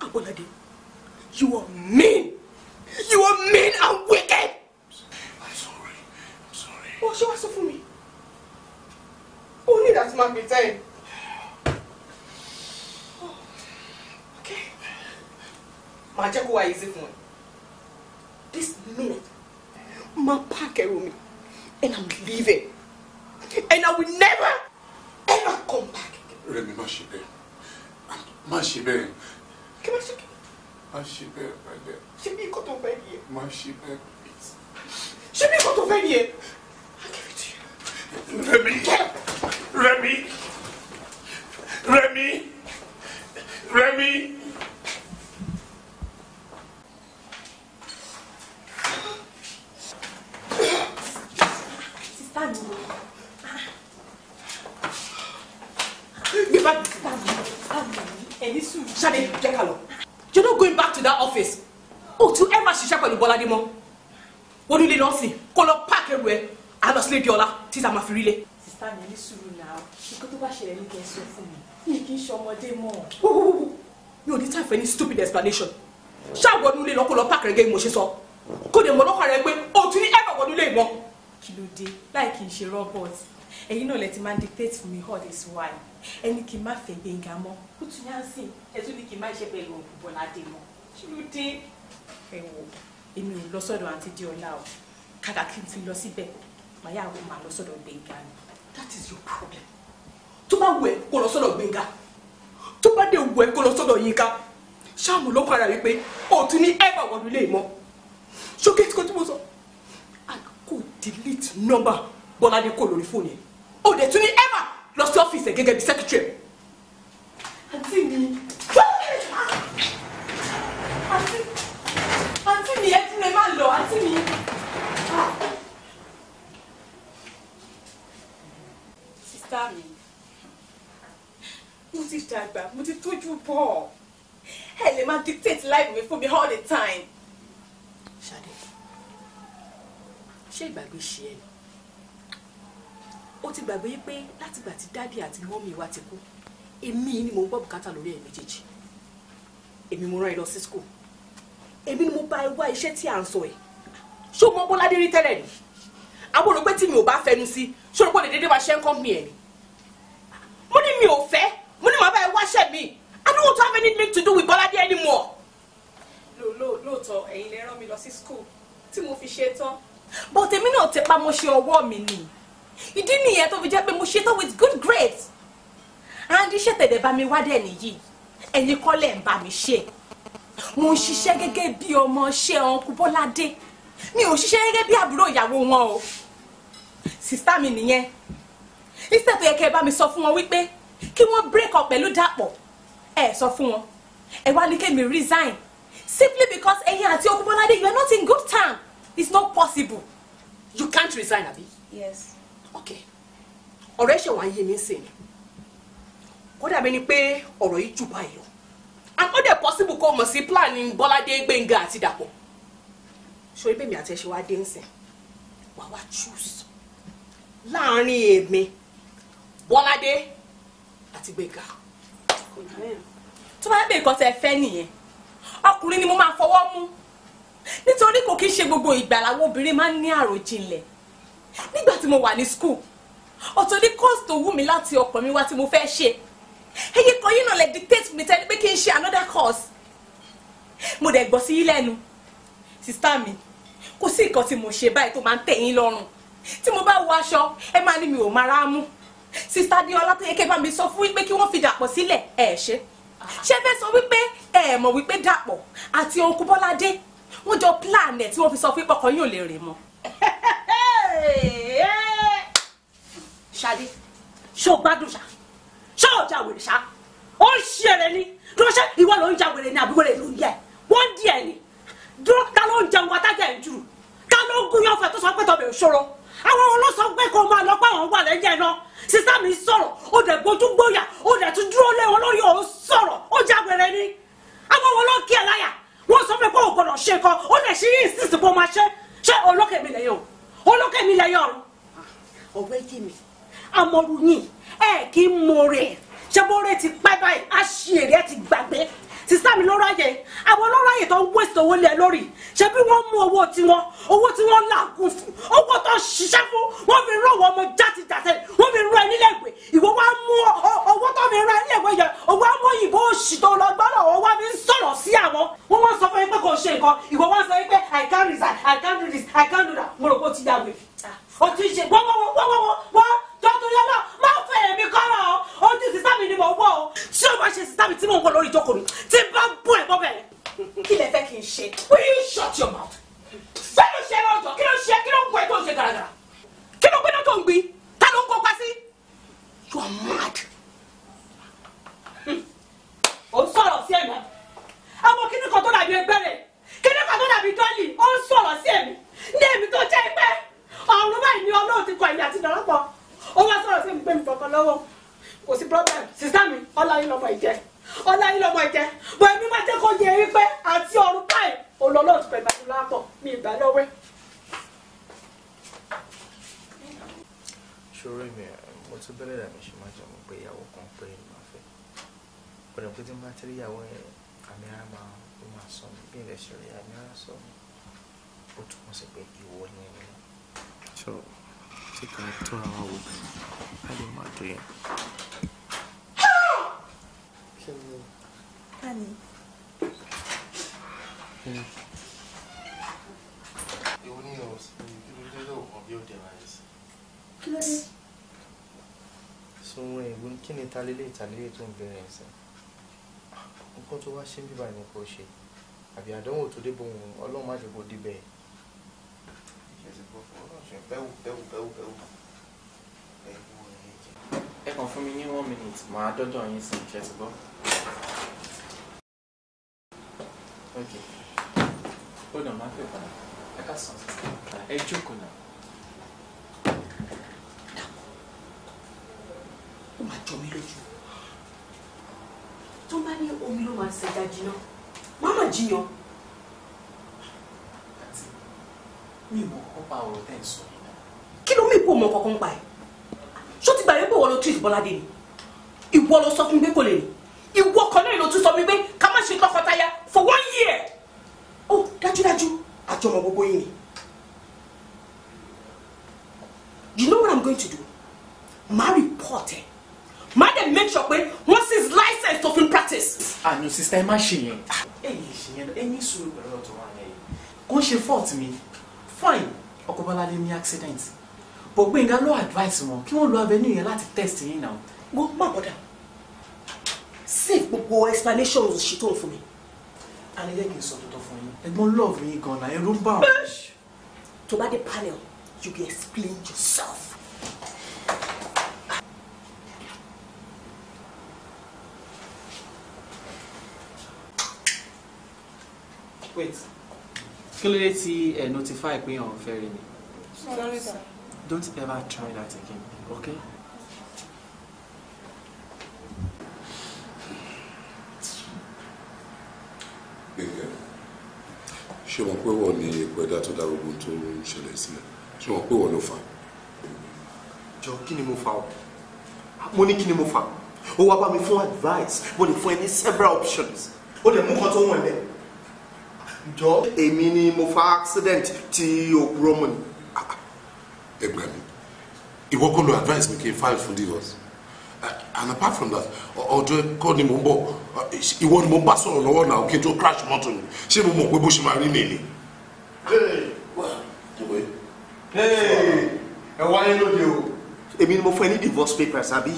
Abolade you are mean you are mean and wicked. I'm sorry I'm sorry. wọ́n ṣe wá sọ fún mi o ní ìdásí máa pè tẹ́yìn. màá jẹ́ kó wá yìí sí fún ẹ this minute, my pack room, and I'm leaving. And I will never, ever come back. Remy, má ṣe bẹ́ẹ̀. Má ṣe bẹ́ẹ̀. Kí má ṣe my dear. Ṣé bí nǹkan tó fẹ́ nìyẹn? Má please. Ṣé bí nǹkan tó fẹ́ to you. Remy! Remy! Remy! Remy! Bọ́ládé mọ́ ó nílé nọ́ọ̀sì kó lọ páàkì ẹrù ẹ á lọ sílé Diola títà máa fi rílé. sísá mi ní sùúrù náà ikú tó bá ṣẹlẹ̀ ní kí ẹ sọ fún mi mi kì í ṣọmọdé mọ́. mi ò ní time for any stupid explanation ṣáà wọnú ilé lọ kó lọ páàkì rẹ̀ gẹ́gẹ́ bí mo ṣe sọ kó lè mọ̀ lọ́kàn rẹ̀ pé òtún ní ẹ̀fọ̀ wọnú ilé ìmọ̀. kí ló dé láì kì í ṣe robot ẹ̀yin náà lẹ ti máa dictate fún mi all this while ẹni kì í má fẹ́ gbẹ̀ngà mọ́ ó tún yá sí ẹ tún ní kì í má ṣe pẹ̀lú òkú Bọ́ládé mọ́ kí ló dé ẹ̀wọ̀n èmi ò lọ sọ́dọ̀ àǹtí Déọlá o kàkà kí n ti lọ síbẹ̀ màá yà wò màá lọ sọ́dọ̀ Gbénga ni. that is your problem tó bá wù ẹ́ kó lọ sọ́dọ̀ Gbénga tó bá dé wù ẹ́ kó lọ sọ́dọ̀ Yínká ṣáàmù ló para wípé òtún ní ẹ̀bà wọ̀lú lè mọ́ ṣókè tí kò tí mo sọ àgùkù delete number Bọ́ládé kò lórí fóònù yẹn ó dẹ̀ tún ní ẹ̀bà lọ sí ọ́fíìsì ẹ̀ gẹ́gẹ́ bí secretary àǹtí mi àǹtí ẹ má lọ àǹtí mi. sísá mi mo ti dàgbà mo ti tójú bọ̀ ẹ lè máa dictate life mi fún mi all the time. Ṣadé ṣé ìgbàgbé ṣe ẹ ni ó ti gbàgbé pé látìgbà tí dádì àti mọ́mì wa ti kú èmi ni mò ń gbọ́ bùkátà lórí ẹ̀ méjèèjì èmi mo rán ẹ lọ sí school èmi ni mo bá ẹ wá iṣẹ́ tí à ń sọ ẹ̀ ṣó mọ bọ́ládé rí tẹ́lẹ̀ ni àwọn olùgbé tí mi ò bá fẹnu sí ṣó olùgbọ́n lè dédé máa ṣe ń kọ́ mi ẹ̀ ni mo ní mi ò fẹ́ mo ní màá bá ẹ wáṣẹ́ mi I don't want to have anything to do with bọ́ládé anymore. lóòótọ́ ẹ̀yin lè rán mi lọ sí school tí mo fi ṣe tán. but èmi náà tẹpá mo ṣe ọwọ́ mi ni ìdí nìyẹn tó fi jẹ́ pé mo ṣe tán with good grades and iṣẹ́ tẹ̀dẹ̀ bá mi wá dẹ̀ nìyí ẹ̀yin kọ́ lẹ̀ ń bá mi ṣe mo ń ṣiṣẹ́ gẹ́gẹ́ bí ọmọ ṣẹ́ ọ̀nkú bọ́ládé mi ò ṣiṣẹ́ gẹ́gẹ́ bí àbúrò ìyàwó wọn o sista mi nìyẹn instead tó yẹ kẹ́ ẹ bá mi sọ fún wọn wípé kí wọ́n break up pẹ̀lú dàpọ̀ ẹ sọ fún wọn ẹ wá ní kémi resign simply because ẹ̀yin àti ọkú bọ́ládé you are not in good time it's not possible. you can't resign abi. yes. okay ọ̀rọ̀ ẹ̀ ṣe wá yé mi sìn kódà bẹ́ẹ̀ ni pé ọ̀rọ̀ yìí jù báyìí lọ and ó dẹ̀ possible kó mọ̀ sí planning Bọ́ládé Gbénga àti Dàpọ̀ ṣorí bèmí àti ẹ̀ṣẹ̀ wa dé ń sìn wà wá choose láàrin èmi Bọ́ládé àti Gbénga tó bá bèè kan tẹ fẹ́ nìyẹn ọkùnrin ni mo máa fọwọ́ mú nítorí kò kí ń ṣe gbogbo ìgbà làwọn obìnrin máa ń ní àròjinlẹ̀ nígbà tí mo wà ní school ọ̀tọ̀ ní course tó wù mí láti ọkàn mi wá tí mo fẹ́ ṣe ẹyẹ kan yín náà lè dictate mi tẹ́lẹ̀ pé kí n ṣe another course mo dẹ̀ gbọ́ sí lẹ́nu sista mi kò sí nǹkan tí mo ṣe báyìí tó máa ń tẹ̀ yín lọ́rùn tí mo bá wọ aṣọ ẹ máa ní mi ò máa rá mú sista diola tó yẹ kẹ́ bá mi sọ fún wípé kí wọ́n fi dàpọ̀ sílẹ̀ ẹ̀ ṣe ṣé fẹ́ sọ wípé ẹ mọ̀ wípé dàpọ̀ àti òkú bọ́ládé wọ́n jọ plan ẹ̀ tí wọ́n fi sọ fún ìpọkàn yóò lè rìn mọ́. ṣadé ṣó gbádùn ṣá ṣé ò ja wèrè ṣá ó ń ṣe èrè ni dúró ṣé ìwọ ló ń ja wèrè ni àbí wèrè ló ń yẹ wọ́n dí ẹ̀ ni dúró ta ló ń jẹun wa tájà ń jù ta ló ń gúnyán fẹ tó sọ pé tọbẹ̀ òṣòro àwọn olóṣọ pé kó máa lọ pé àwọn wà lẹ́yìn ẹ̀ náà sísá mi sọ̀rọ̀ ó dẹ̀ gbójú gbóyà ó dẹ̀ tún dúró lé wọn lórí òun sọ̀rọ̀ ó já wèrè ni àwọn wọn ló kí ẹ láyà wọn sọ pé kó o gbọdọ̀ ṣe kan ó dẹ̀ ṣe yín sísì kó máa ṣe ṣé olókè mi lẹ́yìn o olókè mi lẹ́yìn ọ̀run ọ̀rẹ́ yé mi amọ̀rù yìí ẹ kì í mọ̀ọ́rẹ́ ṣé bóore ti pẹ́ báyìí á ṣe èrè ẹ ti gbàgbé sísá mi lọ́rọ̀ àyè àwọn lọ́rọ̀ àyè tó ń wẹ̀sì owó lé ẹ lórí ṣé bí wọ́n mú owó tiwọn owó tí wọ́n làágùn fún owó tó ń ṣiṣẹ́ fún wọ́n fi rán ọwọ́ ọmọ jáde jáde wọ́n fi rán ẹ nílé ìwé ìwọ wá mú owó tó fi rán ẹ nílé ìwé yẹn owó àmọ́ ìbò òṣì tó lọ gbọ́dọ̀ wọ́n wá fi sọ̀rọ̀ sí àwọn wọ́n wá sọ fún yín pé ṣe nǹkan ìwọ I can't resign I can't do this I can't do that mo rò pé ó ti dàgbé ó ti ṣe wọ́wọ́wọ́wọ́wọ́ jọ́tòrí ọlọ́ máa fẹ́ èmi kọ́rọ̀ o ojú sísá mi ni mò ń o tí o bá ṣe sísá mi tí mò ń wọ̀ lórí ìjókòó mi tí n bá bú ẹ̀ bọ́bẹ̀. kí lẹ fẹ́ kí n ṣe will you shut your mouth. fẹ́ ló ṣe ọjọ́ kí ló ṣe kí ló ń wọ ẹ tó ń ṣe gàràgàrà kí ló gbéná tó ń gbin ta ló ń kópa sí. you are mad. ò hm. ń sọ̀rọ̀ sí ẹ̀mí àwọn kíní kan tó dàbí ẹgbẹ́rẹ̀ kíní kan tó dàbí dọ́lì ó ń sọ̀rọ̀ sí ẹ̀mí ní èmi tó jẹ́ ẹgbẹ́ ọ̀run báyìí ni ọlọ́run ti kọ ẹ̀mí àti ìdánwò pọ̀ ó wá sọ̀rọ̀ sí mi pé mi fọkàn lọ́wọ́ kò sí problem sísá mi ọlá yín lọmọ ìjẹ ọlá yín lọmọ ìjẹ bọ ẹbí má jẹ́ kó yẹ yín pé àti ọ̀run báyìí olólùfẹ́ pẹ̀lú àti lápọ̀ mi ìgbà lọ́wẹ́. ṣòro mi mo tún bẹ̀rẹ̀ dàmí ṣe máa jẹ́ mo pé ìyàwó kan pé ní máa fẹ́ pẹ̀lú pé tí n bá ti ìyàwó yẹn àmì ara máa ó máa sọ mi bí ilẹ̀ ṣe rí àmì ara sọ mi ó túmọ̀ sí pé ìwọ ni mi sì ká tún ara wò ká lè ó dẹ̀ máa yẹ sí? Kí ló Nǹkan tó wá ṣe ń bíbá ni kò ṣe. Àbí àdánwò tó dé bóun ọlọ́run má jẹ́ kó dé bẹ́ẹ̀ ẹ kàn fún mi ní one minute màá dọ́dọ̀ yín sí ṣe ti gbọ́. ok ó nà má fẹ́ padà ẹ ká sàn ẹ jókòó náà. ó máa jọ mí lójú tó bá ní omi ló máa ṣẹ̀dá jiná má má jiyàn. mi ò mọ kọ́kọ́ pa ọ̀rọ̀ tẹ́ ń sọ yìí náà. kí ló mú ipò mọ kọ́kọ́ ń pa ẹ̀ ṣó ti gbàgbé pé ìwọ ló treat bọ́ládé ni ìwọ ló sọ fún mi pé kò lè ní ìwọ kan náà ló tún sọ mi pé ká má ṣe tọkọtaya for one year ó oh, dájúdájú àjọmọ gbogbo yìí ni you know what i'm going to do ma report ẹ ma dey make sure pé wọ́n sì license to film practice. àná ah, sista ẹ má ṣe yẹn. Ah, ẹ̀yin ṣe yẹn ẹ̀yin sùúrù pẹ̀lú ọ̀tọ̀ wa yẹn kò ń ṣe fault mi fine ọkọ bọ́láde ní accident but gbẹ̀ngà ló advice wọn kí wọ́n lo avenue yẹn láti test yín náà. mo má bọ̀dà save gbogbo explanation ṣì tó fún mi. alẹ́ kì í sọ tuntun fún yín ẹ̀gbọ́n love yín gan-an ẹ̀rú ń bà wọ́n. tó bá dé panel you go explain yourself. Wait kí ló dé tí ẹ notify pé ọ̀n fẹ́ rí don't ever try that again okay. gbẹ̀ngẹ̀ ṣé wọn pé wọ́n ní ìpẹ́dá tó dá gbogbo tó ń ṣẹlẹ̀ sílẹ̀ ṣé wọn pé wọ́n ló fà. jọ kí ni mo fà o mo ní kí ni mo fà o wá bá mi fún advice mo lè fún ẹ ní several options o lè mú kan tó wọ̀n lẹ́yìn jọ èmi ni mo fa accident tí òpùrọ́ mọ̀ ni. Ah, ah. ẹgbẹ́ mi ìwọ kọ́ ló advice mi kí n file for divorce ah, and apart from that ọjọ́ kọ́ ni mo ń bọ̀ ìwọ ni mo ń bá sọ̀rọ̀ lọ́wọ́ náà kí n tó crash mọ́tò mi ṣé mo mọ̀ pé bó ṣe máa rí nìyí. ẹ wáyé lóde o. èmi ni mo fẹ́ ní divorce papers àbí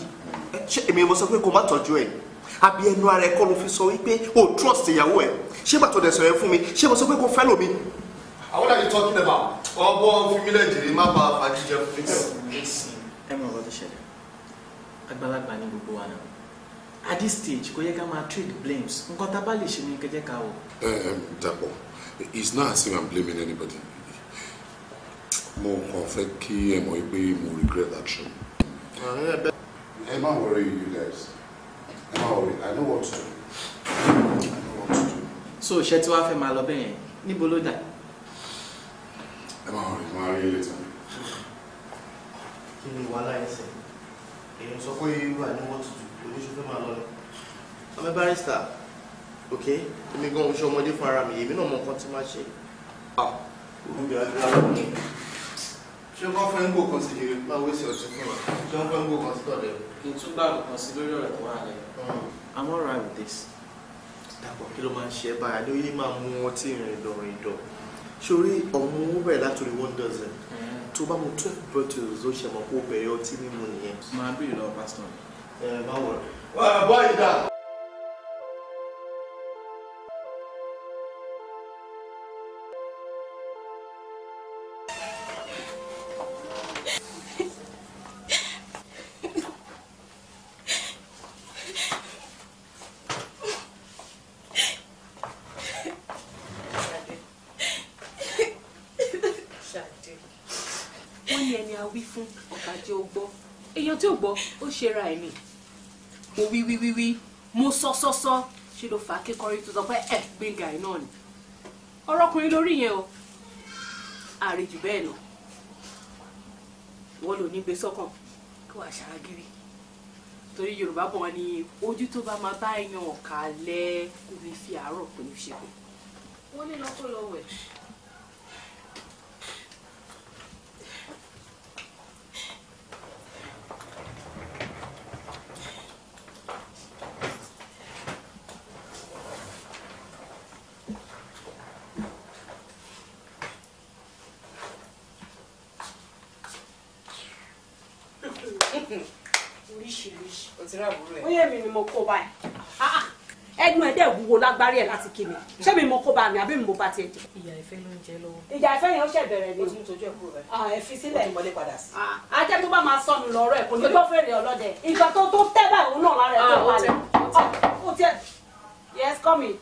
èmi ni mo sọ pé kó má tọ́jú ẹ̀ àbí ẹnu ara ẹ kọ́ ló fi sọ wípé o trust ìyàwó ẹ ṣé bàtọ̀ dẹ̀ sọ̀rọ̀ fún mi ṣé mo sọ pé kò fẹ́ lómi. àwọn àyè tọ́ kílẹ̀ bá ọgbọ́ fímílẹ̀ jèrè má ba fàjíjẹ fún mi. ẹ mọ̀ ọ́ ṣẹlẹ̀ àgbàlagbà ni gbogbo wa náà at this stage kò yẹ ká máa trade blames nǹkan tá a bá lè ṣe ni kẹjẹ ká wọ. Ehm, Dàpọ̀ it's not as if i'm blaming anybody mo kàn fẹ́ kí ẹ mọ̀ pé mo regret action. ẹ má worry you guys so ṣé tí wàá fẹ́ máa lọ bẹ́ẹ̀ yẹn níbo ló dà. ẹ má wọlé máa rí ilé tán. kí ni wàhálà ẹsẹ̀ èèyàn sọ pé irú àníwọ̀n tuntun oníṣòfẹ́ máa lọ rẹ̀. ọmọ barrister ok èmi gan oṣù ọmọdé fún ara mi èmi náà mọ nǹkan tí máa ṣe. ah òun bẹ̀rẹ̀ lọ́wọ́ ṣé kọ́ hmm. I'm all with this. dàpọ̀ kí ló máa ń ṣe é báyà lóyè máa mú ọtí ìrìndọ̀rìn dọ̀ sórí ọ̀hún ó bẹ̀rẹ̀ látòrí wonders ẹ̀ hmm. tó bá mu twelve bottles ó ṣe mọ̀ kó bẹ̀rẹ̀ ọtí mímu nìyẹn. máa bí ìlọ pásítọ̀. ẹ máa wọ̀ ọ́ bọ́ọ̀ wíwí mo sọ sọ́sọ́ ṣe ló fà á kékọrí tó sọ pé ẹ gbẹ̀ngà ẹ̀ náà ni ọ̀rọ̀kùnrin lórí yẹn o àrèjù bẹ́ẹ̀ lọ wọ́n lò ní gbé sọ́kàn kí wàá ṣàràgìrì torí yorùbá bọ̀ wọ́n ní ojú tó bá máa bá èèyàn ọ̀kà lẹ́ kò ní fi àárọ̀ kò ní wọ́n ní lọ́kọ́ lọ́wọ́ wo lágbárí ẹ̀ láti kí mi ṣé mi mọ kó bá mi àbí mi mo bá tiẹ̀ jẹ. ìyá ìfẹ́ ló ń jẹ lọ́wọ́. ìyá ìfẹ́ yẹn ó ṣẹ̀ bẹ̀rẹ̀ ni. o ti ń tọ́jú ẹ̀ kúrò rẹ̀. Ah, ẹ fi sílẹ̀ ìmọ̀lẹ́ padà sí. Ah, ajẹ́ tó bá máa sọnù lọ́rọ̀ ẹ̀ kò ní gbọ́ fèrè ọlọ́dẹ ìgbà tó tó tẹ́ báyìí òun náà lára ẹ̀ tó ah, balẹ̀. ó tiẹ̀ yes come in.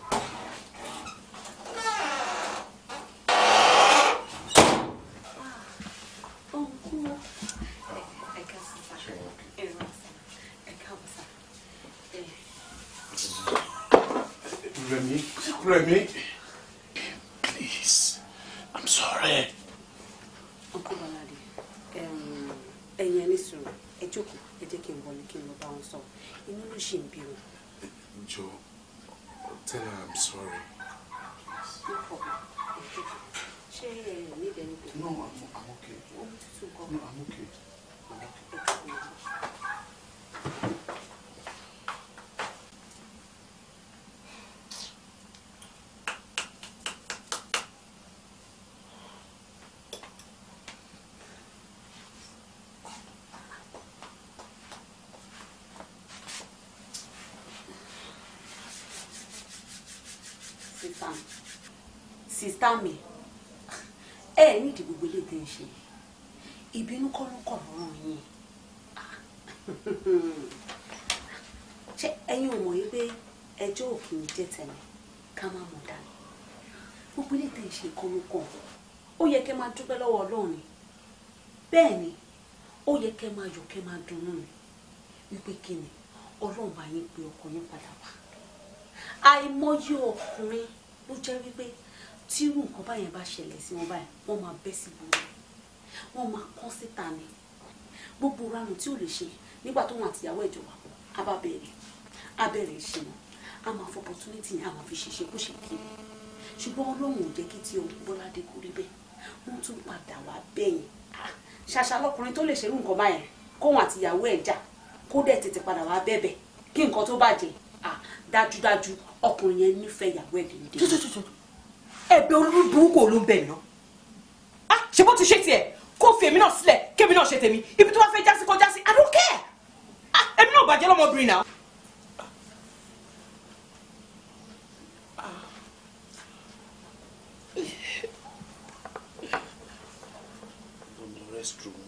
ń bí o. tell her i'm sorry. ṣé ẹ no i'm, I'm okay. no i'm okay. I'm okay. sista mi ẹ nídìí gbogbo ilé tẹ́ ń ṣe ìbínú kọ́ ló kọ̀ lọ́rùn yín ṣé ẹ̀yin ò mọ̀ yí pé ẹjọ́ òkè ń jẹ́ tẹ̀lé ká má mọ̀ dání gbogbo ilé tẹ̀ ń ṣe nǹkan ló kàn ó yẹ kẹ́ máa dúpẹ́ lọ́wọ́ ọlọ́run ni bẹ́ẹ̀ ni ó yẹ kẹ́ máa yọ̀ kẹ́ máa dunnú ni wípé kí ni ọlọ́run bá yín pé ọkọ yín padà wá àìmọye ọkùnrin ló jẹ́ wípé tí irú nǹkan báyẹn bá ṣẹlẹ̀ sí wọn báyìí wọ́n máa bẹ́ sí gbogbo wọ́n máa kọ́ síta ni gbogbo ranù tí ò lè ṣe nígbà tó wọn àtìyàwó ìjọba a bá bẹ̀rẹ̀ a bẹ̀rẹ̀ ìṣẹ̀wọ̀n a máa fọ opportunity yẹn a máa fi ṣiṣẹ́ kó ṣe kiri ṣùgbọ́n ọlọ́run ò jẹ́ kí ti ohun bọ́ládé kú rí bẹ́ẹ̀ wọ́n tún padà wá bẹ́yìn ah, ṣàṣà lọkùnrin tó lè ṣerú nǹkan báyẹn kóhun àtìyàwó ẹ̀ jà kó dẹ̀ tètè padà wá bẹ̀bẹ̀ kí nǹkan tó bàjẹ́ ah, dájúdájú ọkùnrin yẹn nífẹ̀ẹ́ ìyàwó ẹ̀ dédé ẹ̀bẹ̀ olúburúkú ló ń bẹ̀ mí náà ah, ṣe bó ti ṣe tiẹ̀ kó fi èmi náà sílẹ̀ kémi náà ṣe tèmi ibi tó bá fẹ́ jásí kó jásí I don't care ah, èmi náà bàjẹ́ lọ́mọbìnrin náà. restroom.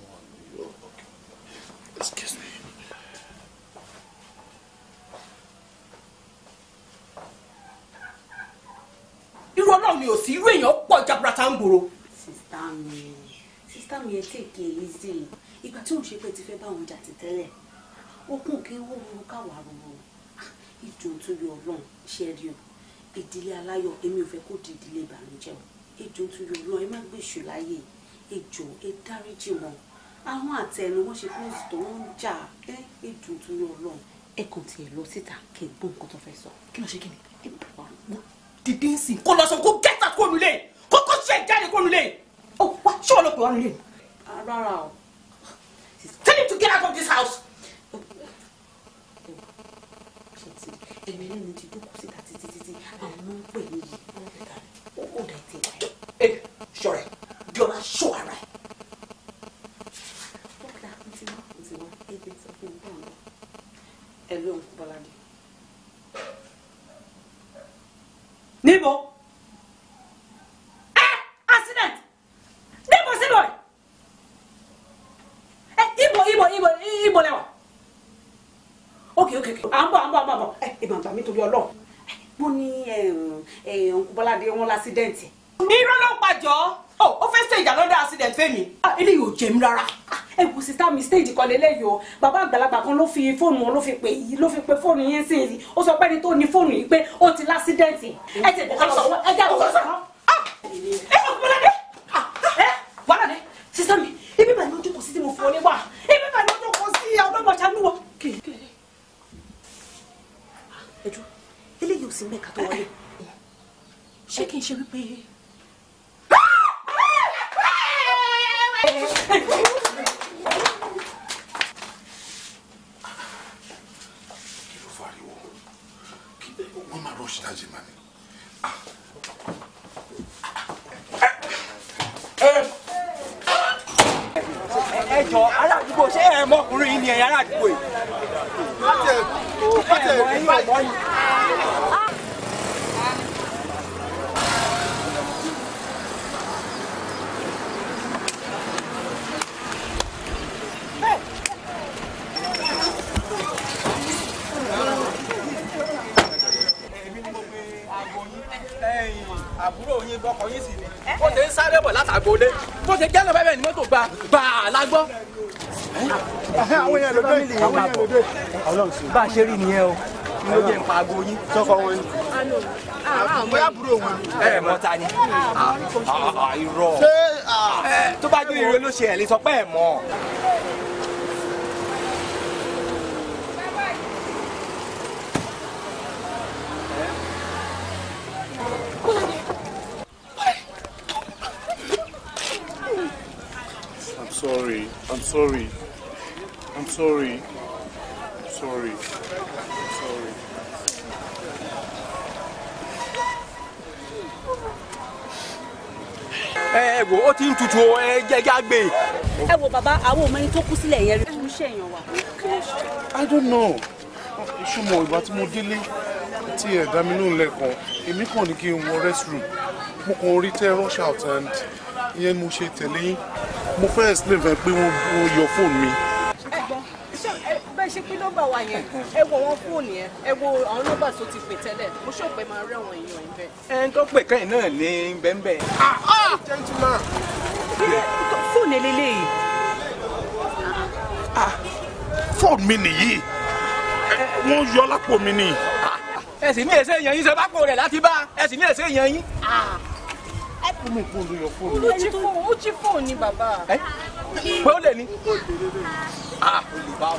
ọlọ́run ni ò sí irú èèyàn pọ̀ jaburata ń gbòòrò. sista mi sista mi ẹ tèké easy ìgbà tí òun ṣe pé ti fẹ́ bá òun jà ti tẹ́lẹ̀ okùn kí wọ́n mú káwá rúru ah, ìdùn tó yọ ọlọ́run ṣe rí o ìdílé aláyọ̀ èmi ò fẹ́ kó di ìdílé ìbànújẹ́ o ìdùn tó yọ ọlọ́run ẹ má gbèsù láyè ìjọ ẹ dáríjì wọn àwọn àtẹnu wọn ṣe close tó ń jà ẹ ìdùn tó yọ ọlọ́run ẹ kò tiẹ̀ lọ síta kí n gbọ́ nǹkan tó fẹ́ sọ kí ló ṣe kí ni ẹ bọ̀ wá dìde ń sìn kó lọ sọ kó gẹ́tà kó nulẹ̀ kó kó ṣe ìjáde kó nulẹ̀ ó wá ṣé wọn lọ pè wá nulẹ̀. Ah, rárá o. tell him to get out of this house. èmi nínú ti dúkùú síta títí títí àwọn ọmọ ń pè mí yìí ó dà tí wáyé. ṣọrẹ jọra ṣọ ara ẹ. kí. à ń bọ̀ à ń bọ̀ à ń bọ̀ ẹ ìmọ̀ àgbà mi torí ọlọ́run mo ní nkúbọ́ládé wọn lásídẹ̀ǹtì. mi irọ́ ló ń pàjọ́ ó fẹ́ stage another accident fẹ́mi. Ah, eléyìí ò jẹ́ mi rárá. Ah, ẹ wò sísá mi stage kan lélẹ́yìí o bàbá àgbàlagbà kan ló fi fóònù wọn ló fi pè yìí ló fi pe fóònù yẹn sí yìí ó sọ pé ẹni tó ní fóònù yìí pé ó ti lásídẹ̀ǹtì. ẹ jẹ́ ẹ sọ ẹ jẹ́ ah! ẹ sọ. ẹ wọ́n kúbọ́ládé eh, wàhálà dé sísá mi ibi bàá ní ojú kò sí tí mo fọ́ ní wà. sí mẹ́ka tó wọlé ṣé kí n ṣe wípé. Ọlọ́run sọ bá a ṣe rí nìyẹn o kí ló jẹ́ aago yín. sọ́kọ̀ wọn ni. bóyá àbúrò wọn. ẹ mọ̀ ta ni ah, ah, irọ́ ah, tó bá jẹ́ ìrẹ́ ló ṣe ẹ̀ lè sọ pé ẹ̀ mọ̀. I'm sorry. I'm sorry. I'm sorry sorry. Sorry. ẹ wo ó ti ń tutù o ẹ jẹ́ kí gbé. ẹ wo bàbá àwọn ọmọ ẹni tó kú sílẹ̀ yẹn rí fún iṣẹ́ èèyàn wa. I don't know ìṣùmọ̀ ìgbà tí mo délé tí ẹ̀dá mi náà lẹ́kọ̀ọ́ èmi kàn ní kí n wọ restroom mo kàn rí tẹ́ rush out and ìyẹn mo ṣe tẹ̀lé yín mo fẹ́ explain fẹ́ pé wọ́n yọ fóònù mi yẹn ẹ wo àwọn fóònù yẹn ẹ wo àwọn nọ́mbà tó ti pè tẹ́lẹ̀ mo ṣọ́ pé máa rẹ́ àwọn èèyàn ẹ̀ bẹ́ẹ̀. ẹn tó pè kẹ́yìn náà ní bẹ́ẹ̀nbẹ́ẹ̀. Ah, ah! fóònù eléyìí. Ah, fóònù mi nìyí eh, eh. wọ́n yọ lápò mi ni. ẹ sì ní èsè yẹn yín ṣe bá pò rẹ̀ láti bá ẹ sì ní èsè yẹn yín fún mi fún olóyọ fóònù. ó jí fóònù ó jí fóònù ni bàbá. pé ó lè ní. olùbáwà.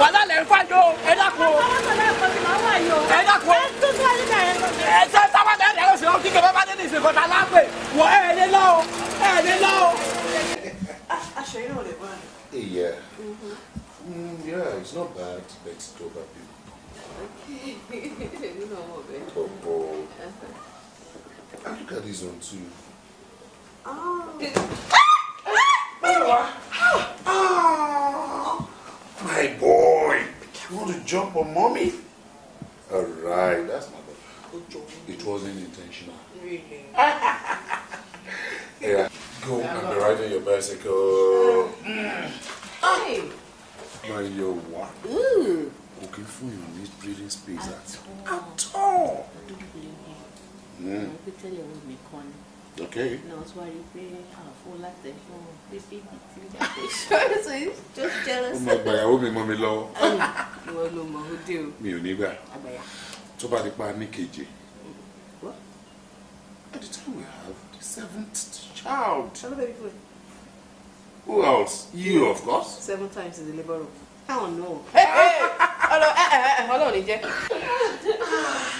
wàhálà lẹ̀ ń fàjọ ẹ dákun ẹ dákun ẹ ṣe sábà bẹ́ẹ̀ dẹ́rẹ́ sí ọtí kẹfẹ́ bá dé ní ìsìnkú ta wọ ẹ ẹ lọ o ẹ ẹ lọ o. aṣọ yìí náà eh, Yeah. Mm-hmm. Mm, yeah, it's not bad, but it's Okay, you overbilled. Topo. I look at this one too. Oh. Ah! Ah! Ah! Ah! My boy, you want to jump on mommy? All right, that's my boy. It wasn't intentional. Really? yeah. Go and be riding your bicycle. Mm. Hey. By your what? Ooh. Okay, for you need breathing space at, all. At all. I don't believe him. Mm náà tí wàá rí pé àfọ látẹ̀sán pé bíbí tí látẹ̀sán so it's just jealousy. ó mọ gbàyàwó mi mọ mi lọ́wọ́. ìwọ ló mọ ó dé o. mi ò ní gbà tó bá di pa ní keje. By the time we have the seventh child. Hello, baby boy. Who else? You, of course. Seven times in the labor room. I don't know. Hey, Hello, hello, hello, hello,